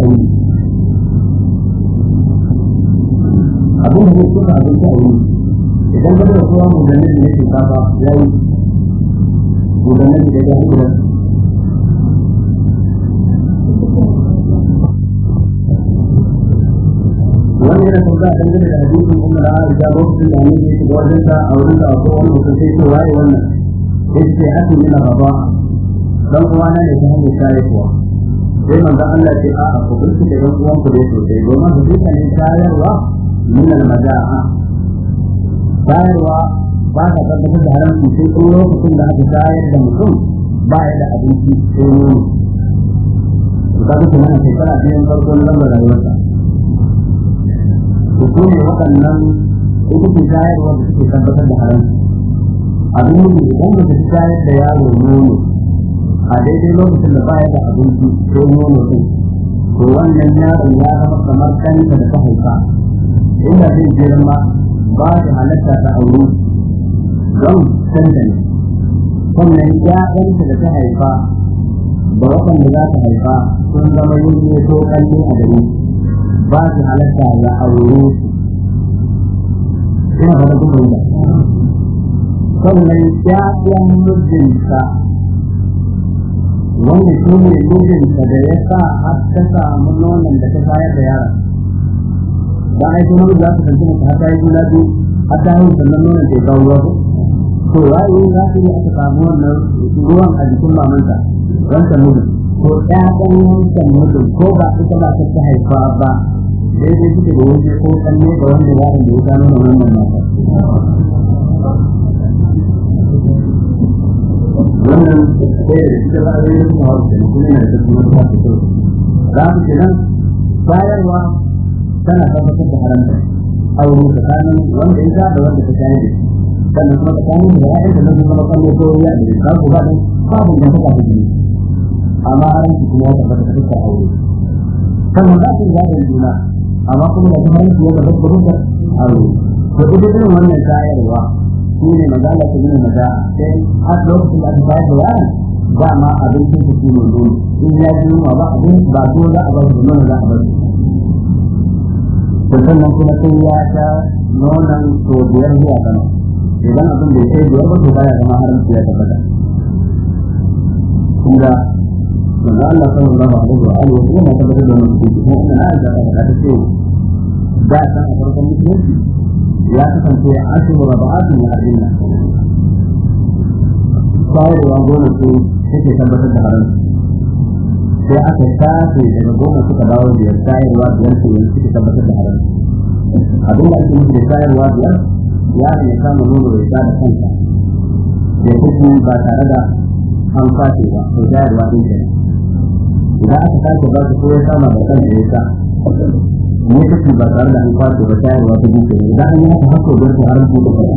yi idan ba da kowa mu da ne ne ke kafa yayi gudanar da ya da tambaya dangane da hadisin umma da Aisha lokacin da a ya shiga ta a wurin da akwai wani mutum sai ce waye dan uwana ne ta hanyar shayarwa sai Allah a da sosai domin ne ba da sai in lokacin da da mutum ba ya da abinci sai nono ka biyan farko na lambar rayuwarsa to su ne waɗannan ita ce shayarwa da suke tabbatar da haram abin da idan da ta shayar da yaro nono a daidai lokacin da baya da abinci ko nono din to wannan yaron ya zama kamar ɗanta da ta haifa inda zai ma ba ta halatta ta aure don tantance sannan ya'yanta da ta haifa da waɗanda za ta haifa sun zama yin ne ko ƙarfi a gare ba su halatta ya aure su ina ba da kuma yi sannan ƴaƴan mijinta wanda shi ne mijinta da ya sa har ta samu nonon da ta bayar da yaron da ai kuma za su tantance ta hata yi juna biyu har ta haihu sannan nonon ta kawo ruwa to yayi za su yi aka samu wannan ruwan a jikin mamanta wancan mijin ko ƴaƴan wancan mutum ko ba ita ba ta haifa ba daidai suke da wani ko kalle da wanda yaron da ya gano da wannan mata wannan ɗaya da cikin ra'ayoyin su hau da kuma yana da kuma ta fito za mu ce nan bayarwa tana tabbatar da haramta aure tsakanin wanda ya da wanda ta shayar da sannan kuma tsakanin da ya'yan da nan kuma kalle ko ya da shi babu ba ɗin babu da ta kafa jini amma haramta kuma ya tabbata ta aure sannan za su yi yaron juna amma kuma da kuma yake da bakuru da aro to idan irin wannan tayarwa shi ne magana ta gina maza sai har lokacin da aka bayar da yaron ba ma abincin su ne dole in ya ji yunwa ba abin ba dole a ba su nuna za a ba su sannan kuma sai ya ta nonon to biyar zuwa sama idan abin da ya kai biyar ba to baya zama haramci ya tabbata kuma manzo Allah sallallahu alaihi wa alihi wa sallam ta bada wannan cikin kuma ina da ta ce da ta farkon musulunci ya kasance a ashiru rabaatin min al-jinna sayarwa gona ce take tabbatar da haramci sai aka tafi daga goma suka dawo biyar sayarwa biyar su yanzu suke tabbatar da haramci abin ake nufi da sayarwa biyar ya ne kama nono ya sa da kansa ba tare da an ba idan aka sake ba su ko ya kama da kan ya sa ne kake ba tare da an kwace ba shayarwa ta duka idan an yi haka haka wajen su haramci da kai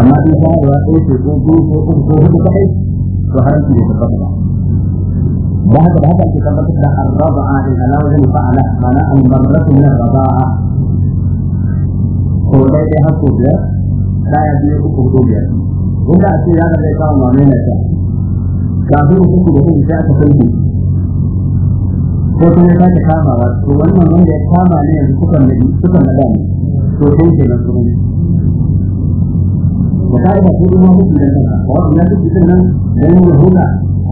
amma in shayarwa ɗaya ce ko biyu ko uku ko hudu kaɗai to haramci da tabbata ba ba haka da haka ake tabbatar da arraba'a in ala wajen fa'ala ma'ana almarratu min a ko dai dai haka biyar ɗaya biyu uku ko biyar inda a ce ya ga zai kawo mamaye na ta kafin uku da hudu sai aka sauke ko kuma ya sake kamawa to wannan wanda ya kama ne yanzu sukan da sukan da dani to sai ke nan kuma da ka'ida ko kuma hukunci da kanka ko wannan ya kace din nan dan ya hula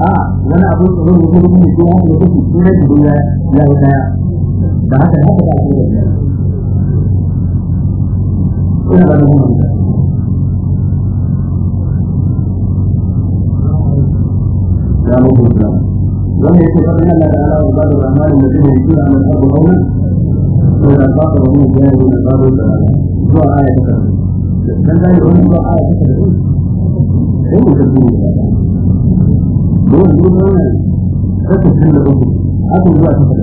a wani abu da zai yi kuma ne ko wani abu da zai yi kuma ya yi daya da haka haka da ke da ina da mun Gracias. wanda yake faɗin Allah da Allah ba da rahmani da zai yi kira mai abu hauna to da ba ka wani da yayi da babu da zuwa aya ta dan da wani zuwa aya ta da ko da ku don ku ne kake cikin da ku abu zuwa ta da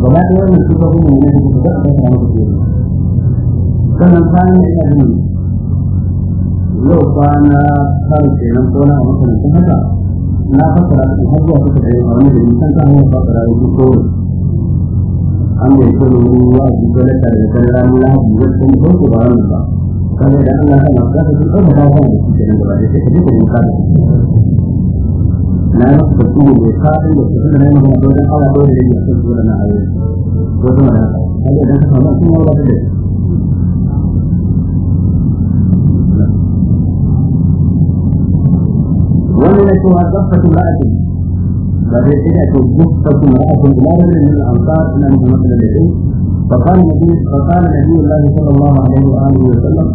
gaba da wani su ba mu ne da ba ka da ta sannan bayan ina ta ta ta kan kenan ko ta makarantar haka na fassara su har zuwa suka ɗaya wani da nisan ta hanyar fassara da duk kowai an da ya kone wani ruwa a jikin lata da kan ranar lahadi ya kuma ko ba wani ba kaga da Allah na zaka ji kuma ba wani shi kenan da ba da take duka ne ka na yi masa su ne ka da su suna nan da wajen awa ɗaya da ya sun zuwa na a ko kuma da haka kaga idan ka samu kuma wani da يقولون شوها قصة امرأة فهي تأتي قصة امرأة إلى رجل من الأنصار إلى محمد بن فقال النبي فقال نبي الله صلى الله عليه وآله وسلم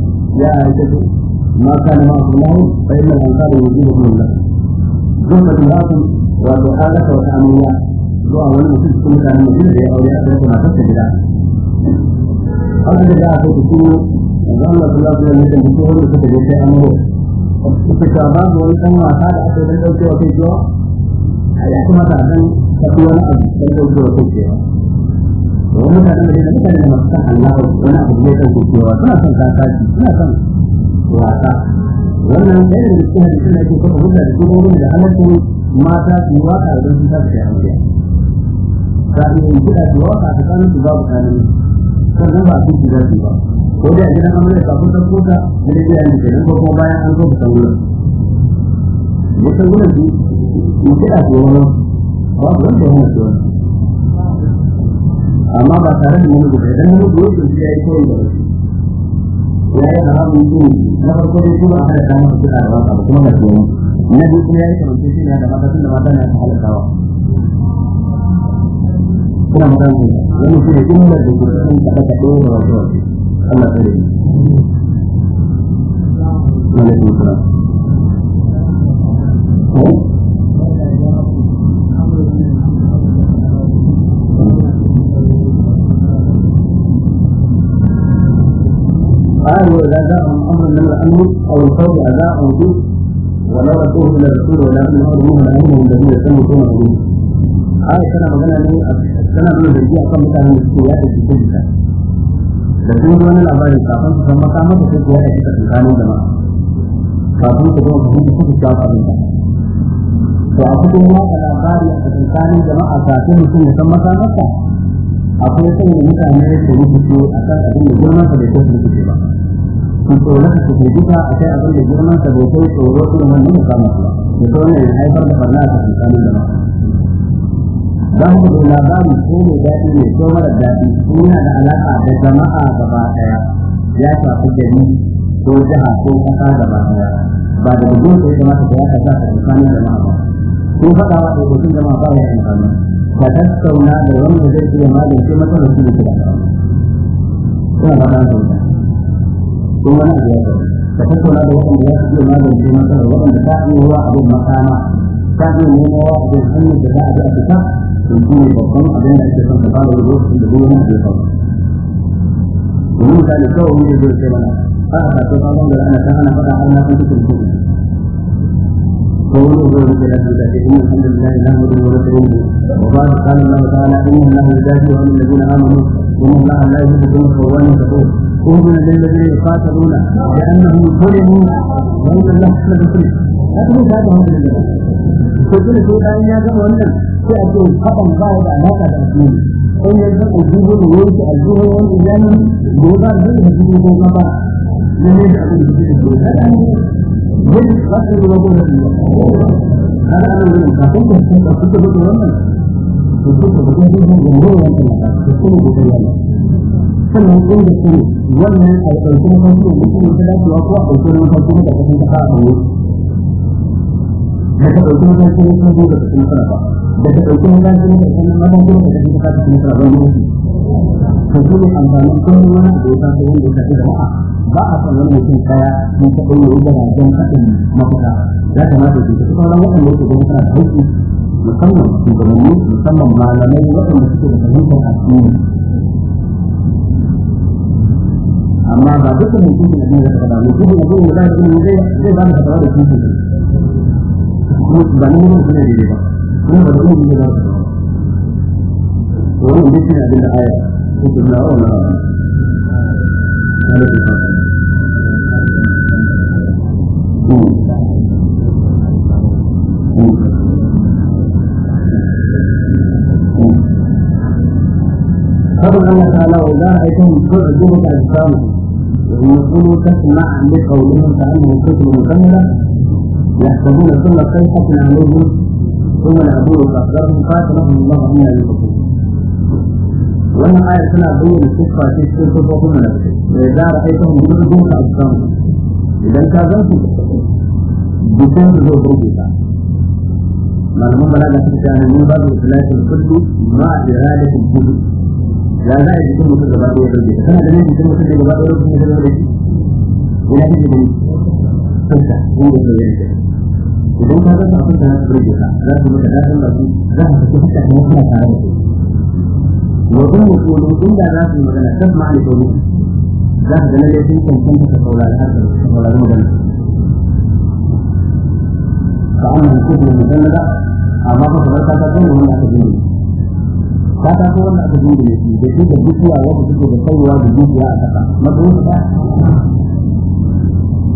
يا عائشة ما كان معكم له فإن الأنصار يجيبكم الله قصة امرأة وتحالف وتعمية zuwa wani mutum cikin mutanen mutum da ya aure a ɗansa matar ta gida. Haka da za a kai su su zama su lafiya ne da mutum wanda suka je sai an mutu suka ba babu wani ɗan wasa da aka yi don ɗaukewa kai kewa a ya kuma ta ɗan tafi wani abu don ɗaukewa kai kewa wani mutane da ya da masu Allah wani abu zai ɗauke kewa suna son kakaji suna son wasa wannan ɗaya daga cikin hadisin da ake kafa da kuma wurin da halaccin mata su yi waka idan sun tafi da hankali za a ka yin kiɗa su waka a tsakanin babu kanani sannan ba a fi shi ba ko da gidan amarya kafin ta kota da ne biya ne kenan ko kuma bayan an zo ka san ne san wurin su kira su wani ba su wanda yana su wani amma ba tare da namiji ba idan namiji ya kunshi ya yi kawai da ya yi haramun su na farko dai kuma a hada ta masa kuɗa da wasa ba kuma ga su wani na biyu kuma ya yi kamar shi ne da mata tun da mata na ta ina mara ne wani shi ne illar da ke cikin ta kasa ɗaya da wasu wasu Allah ta dai Malaikun sura. قالوا إذا جاءهم أمر من الأمر أو القول أداء به ولو ردوه إلى الرسول ولكن يحرموه لأنهم الذين سموا دونه. آية كان مجانا tana nuna da a kan mutanen da suke yaɗa shi kun ta da sun ji wani labarin kafin su san maka maka sai su yaɗa shi tsakanin jama'a kafin su gama fahimta su ta faɗin ta to a cikin yaɗa labari a tsakanin jama'a kafin mutum ya san maka maka akwai sanya mutane da rikice a kan abin da girman ka da kai rikice ba ku tsorata ku firgita a kai abin da girman sa bai kai tsoro irin wannan musamman ba da tsoron ya haifar da barna a tsakanin jama'a don haka labari ko mai daɗi ne ko mara daɗi ko yana da alaƙa da jama'a gaba ɗaya ya shafi gari ko jiha ko ƙasa gaba ɗaya ba da bugun sai da mata ya ka zaka tsakanin jama'a ba ko faɗa wa ɗaiɗaikun jama'a ba ya amfani ka tattauna da wanda zai iya magance matsalar su da ke da ina ba ba ta sauka ko wani abu ya ka tattauna da waɗanda ya iya magance matsalar waɗanda ta iya wa abin makama ta iya nemo wa abin hannun da za a bi a fita ومن بطن أبين أشياء فقال وجوه في الدنيا من أبي فضل ومن كان يسوء من يجوز سيبنا فأخذ تقاضى لأن كان فقع على ما كنت تنسيه قوله قول الى ان الحمد لله نحمده ونستعينه وقال قال الله تعالى ان الله يجازي عن الذين امنوا ان الله لا يجوز كل قوان تقول اذن للذين يقاتلون لانهم ظلموا وان الله لا يظلم لكن هذا هو الذي يقول كل شيء ان sai a ce hakan ba da alaƙa da addini sai ya ga ujubu da yanki aljuhu wani iyalan gobe zai da cikin gobe ba na ne da abin da ke da da ne wani zaɓi da wani da ne har ana yin kafin da su ka fito da wannan to su ka fito da wannan da ne da su ne da ne sannan in da su wannan alƙalƙin kan su da ta ne da dacewa ko alƙalƙin kan su da kasan ta ka a wani da ka ɗauki mataki na kan zuwa ka nasara ba da ka ɗauki mataki na kan matan zuwa ka tafi ka tafi nasara ba ne ka zo ne kullum wani da ya tafi wanda ya da jama'a ba a san wani mutum kaya mun ka ɗauki da don haɗin mafaka ya kamata su tafi sauran waɗanda yake zama kana da haƙƙi musamman shugabanni musamman malamai waɗanda suke da fahimtar addini amma ba dukkan mutum da ne da ka faɗa mutum da ne da zai zama ka faɗa da ne? வன்மையை செய்யலாம் அந்த வன்மையை ஒரு விதத்தில் அதில் ஆய கூட்டுனாலும் قبل أن تعالى أولئكم تعجبك أجسامهم وإن يقولوا تسمع لقولهم فأنه كفر مكملة يحسبون ثم الصيحة من عمرهم ثم يعبدون أقدارهم قاتلهم الله من الكفر وما آية سنة دون الشفاء في السلطة وقلنا وإذا رأيتهم يحبون أقدارهم إذا انتظرت بسبب ظهورك معلومة لا تكفي عن المنبر وثلاثة الكتب مع إرادة الكتب لا لا يكون مثل بعض الوجود أنا لم يكن مثل بعض الوجود مثل الوجود ولكن يكون مثل kanta burin da yanke idan ka zama abin na burge za ka maka daɗin baki za ka fi da ne kuma tare da wa in mutu wani inda za su magana kan ma'ana ko za ka ga lallai sun cancanta ka saurari harkar ka saurari magana ka amma da kuma mujallada amma ba ka ka ta gani wanda aka gani ka ta ko wanda aka gani da shi da shi da wanda suke da kaiwa da dukiya a kasa matsayin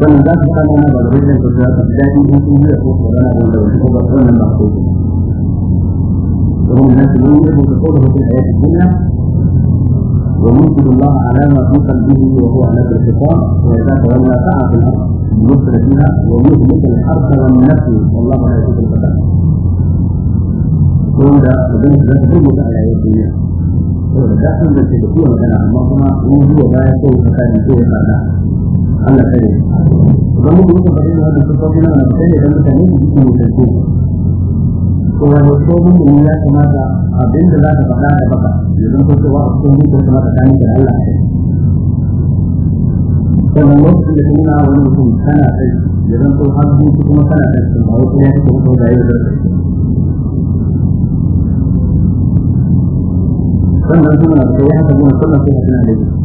wannan za su samu na balabai zan ta zuwa kan daɗi in sun yi da ko ko rana wanda wani ko ba wannan ba ko ne. Wani nan su yi da ko ko da hukun a yadda duniya وينزل الله على ما في قلبه وهو على الخصام واذا تولى سعى في الارض يسر فيها ويهلك الحرث والنفس والله لا يهلك الفتى. يقول ده ربنا لا تكون على يديه. saboda da sun da ke da kowane magana amma kuma in zuwa baya kawai tsakanin kowace tsada Allah kare idan muka muka bari da wannan sabbi na sai da mutane su ji mu sai ko to wani ko mun ya kamata abin da za ka faɗa da baka yanzu ko cewa a cikin mutum kuma ka tani da Allah kare sannan lokacin da kuma na wani mutum kana sai yanzu ko har mutum kuma kana sai ba wai kuma ko ko da yau da sannan kuma da ya haka mun sannan sai ka tani da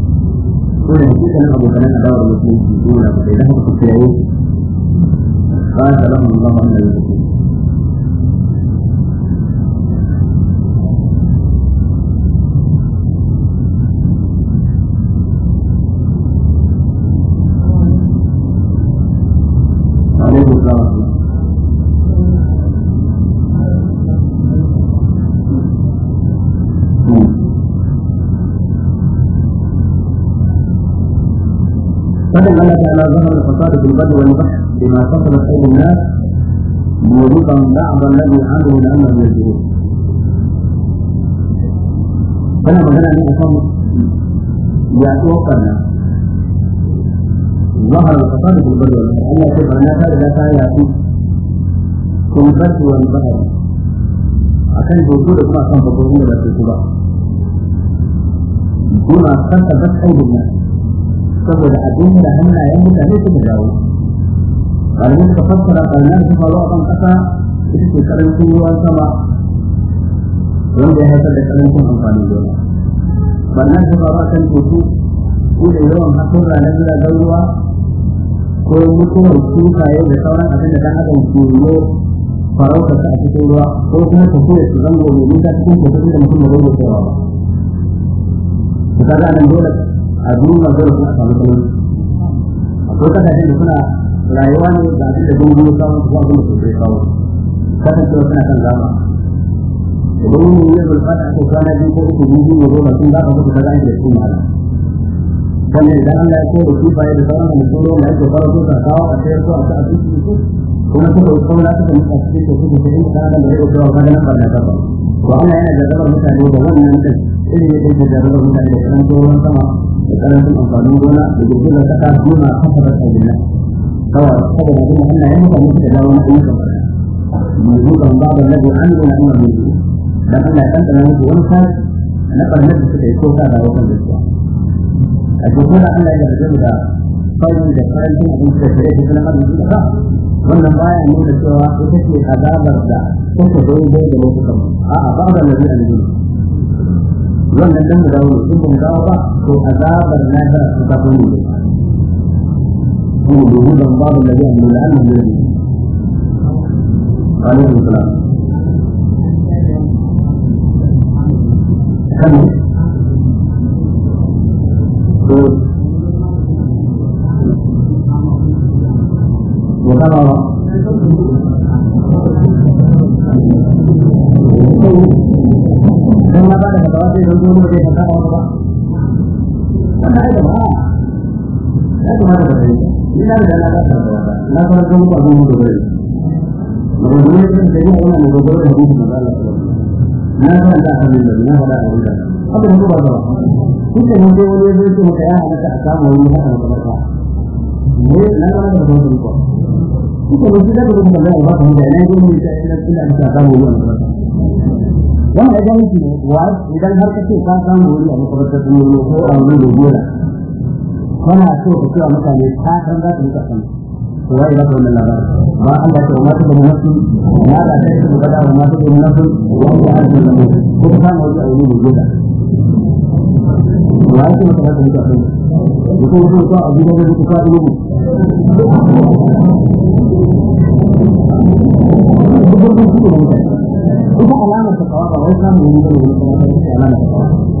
ko da shi kana abokan adawar musulunci dole ka da haka ba kiyaye قال رحمه الله أن خارج البدو والبحث بما فصل خير الناس موجودا بعض الذي عنده الامر من الجهود. فانا مثلا ان اقام ياتي وقت الناس ظهر الخطاب في البدو والبحث ان يكون هناك اذا كان ياتي في البدو والبحث عشان بوجود الخاصه بقرون الاتصالات. يكون اكثر تفتح الناس. saboda abin da hannayen mutane suka jawo ƙarfi suka fassara ƙarnar su faru a kan ƙasa ita ce ƙarancin ruwan sama wanda ya haifar da ƙarancin amfanin gona ƙarnar su faru a kan teku ko da yawan da na jiragen ruwa ko mutuwar kifaye da sauran abin da ɗan adam ke yi farautar ta a cikin ruwa ko kuma tafiya su zango domin ta cikin teku da mutum da zai yi ba. Ku a nan dole a duniya dole kuma a samu talauci akwai kasashen da suna rayuwa ne da abin da gungun kawo kuma abin da kuma ya kawo kasancewa suna kan gama idan mun yi da aka kwana biyu ko uku gungun ya zo ba sun gama musu kaza ake su mara wannan idan Allah ya kawo su da sauran da sauran da ake kawo ka kawo a sayar su a ta abinci su kuma suka kawo da suka mutu a cikin su sai inda kana da yau kawo kaga na ta ba to Allah yana da zarar mutane da wannan din ilimi da ke mutane da kan sauran sama da karancin amfanin gona da girgin da kasa su ma kasa da kawai kada da kuma Allah ya muka dawo na ayyukan mu zuba ba da lagu an yi na umar musu dan Allah ya tantana musu wani kai na karnar da suka yi ko ka dawo kan gaskiya a cikin Allah ya yarda da kawai da karancin abinci da kare da kuma wannan baya nuna cewa ita ce azabar da kuka daidai da mutum a'a ba da lagu an wannan dan da wani sun ban dawo ba ko azabar na su ka kuma ne ko dubu dan babu da zai da annan ne alaihi salam kan to wa da na kasa na fara kuma da bai rubuce din da yin da rubuce da idan har kace ta sun yi ko a kana so ka cewa mutane ka san za ka yi kasan to wai ba ka wannan labarin ba Allah ta umma da nafsu ma da ta yi gada wa ma ta da nafsu wa ya da mu ko ka samu wani abu ne goda wa ya kuma ta da kasan ko ko ko abu da ne ka yi mu ko ko ko ko ko alama ta ko ba wai samu ne ko ko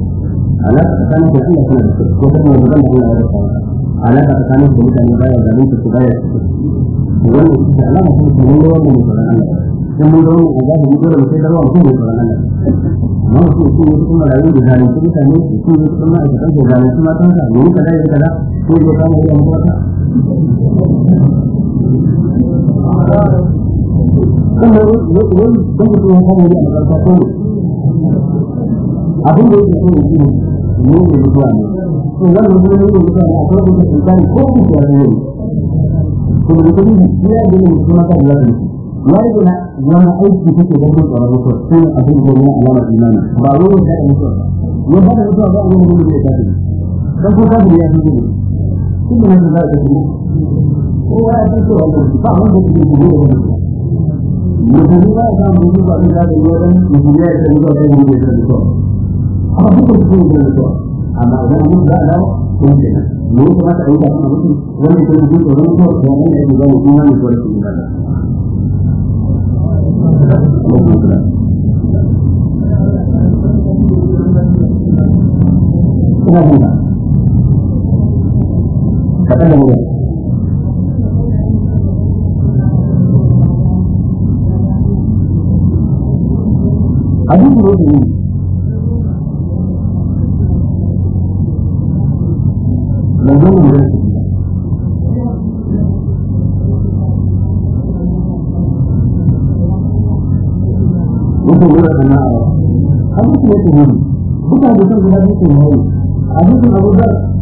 alaka tsakanin da Allah suna da ko kuma da Allah da alaka tsakanin da mutane baya da mutum su baya su wannan shi ne wannan Allah Allah da ruwa mutum ne Allah amma su su ne kuma da yin da zalunci mutane su ne kuma a cikin da zalunci mata ta ne kada ya kada da ya kama ya kuma wani kuma kuma da yake so ne ne ne zuwa ne to wannan ne ne zuwa ne akwai wani ta ko ku da ne to da kuma ne ya ne kuma ka da ne wargina wani aiki kake da kuma tsaro ko ko abin da ne alama imani ba wani da ne ko ne ba da zuwa ba wani ne da ka ne dan ko ka da ya ne kuma ne da ka ne ko ya ji ko ba wani da ke da ne mutum ba ya samu mutum ba da ya da yaran mutum ya yi da zuwa da ne da ko amma duk da su ne da amma idan mun da Allah wannan ne da kuma ne shi da sai ku gudu duka da kan guda ne ku mai abin da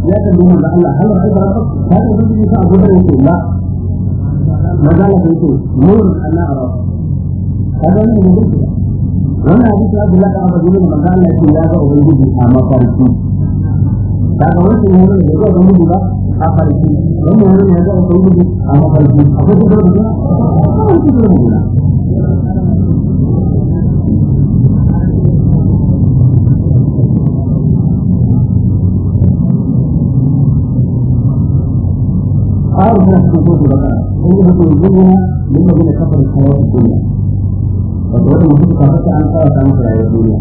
ya da Allah ba ta da gudu sai yake la magana ko to nur Allah arab kaga ne mu gudu wannan abin da Allah ka abu ne magana Allah ya ga ubangiji a mafarki ga ba a farki ya ga ubangiji a mafarki da قال هنا في سورة البقرة إنه يجيبنا للذين كفروا الحياة الدنيا وتقول المفروض كفرت عن قوة عن الحياة الدنيا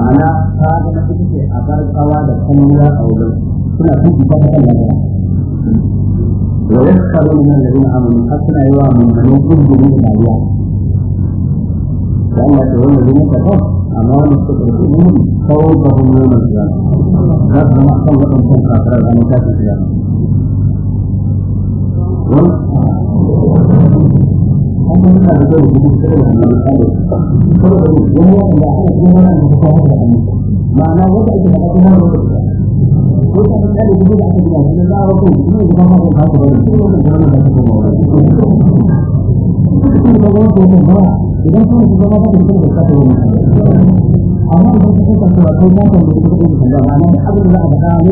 معناه قال أنا كنت أقر قواعد الحمولة أو كنا كنت كفرت لها ويسخرون من الذين آمنوا حسنا أيوا من من يجب من الأعياء لأن يقولون الذين كفروا أمام استقرارهم فوقهم يوم القيامة هذا ما حصل لكم كم خاطر على مكاتب القيامة ma'ana wanda ake da kuma rubuta ko da da kuma ake da kuma za a ko da ka ka bari da idan da abin za a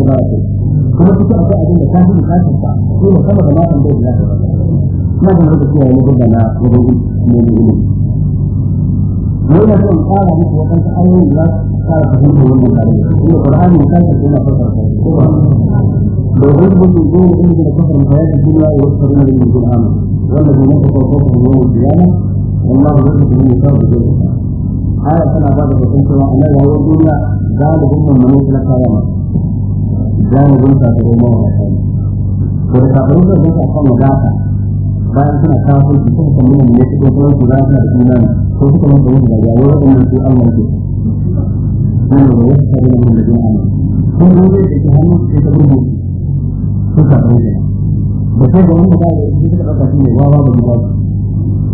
da kuma kusa akwai abin da kafin bukatun sa ko da sama da matan da ina da rubuta cewa ne gaba na na son fara muku wadansu ayoyin da za su fara fahimtar wannan tare inda qur'ani ya kasa yana fasara ba da rubu su zo inda da kafar da dunya ya wasu da mai wanda ne ka kawo ko ko ne diyana Allah ya rubuta da dole aya tana ba da hukunci wa Allah ya yi duniya galibin mun ne kala galibin kafirai na wata ne to da kafirai da zai kan wadata bayan suna kafin su suka kan nuna ne cikin kuma su zata da imani ko suka nan da wuce da yawa waɗannan su Allah ke sun da wasu kare da wanda zai ana sun yi da ke hannun su ta gudu su kafirai da da sai da wanda zai yi suka ɗauka shi ne wawa da mura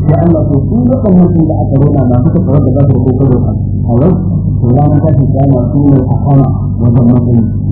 ya Allah ko sun ga kwamfanin da aka roƙa ba suka kawar da za su roƙo karo a wai to ranar tashin kiyama su ne a kama wajen matsayi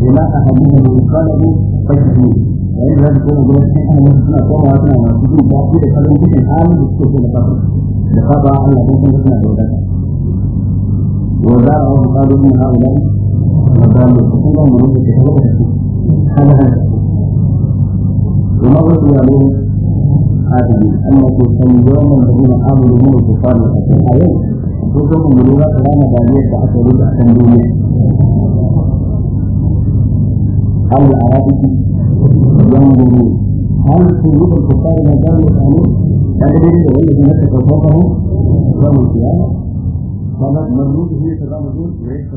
بما أهمه بالطلب فالتجميل وإن لم يكون بنفسه أهل السنة فهو أثناء ما تجميل تأثير الحلم في الحال بالسوء لقطر لقطع أن من لسنا بولاده وزارعه قالوا إن هؤلاء مقام الخطوبة من في حلقة هذا هذا ومرض عليه عادلين أنه سيوم الذين آمنوا من الكفار والحكيم عليه وزوجهم بلغة كلام بعدية بعد ولد أحسن هل الأرائك ينظرون هل قلوب الكفار ما كانوا يفعلون لقد يستغل في نفسك وفوقهم يوم القيامة فمن مملوك هي سزا مجنون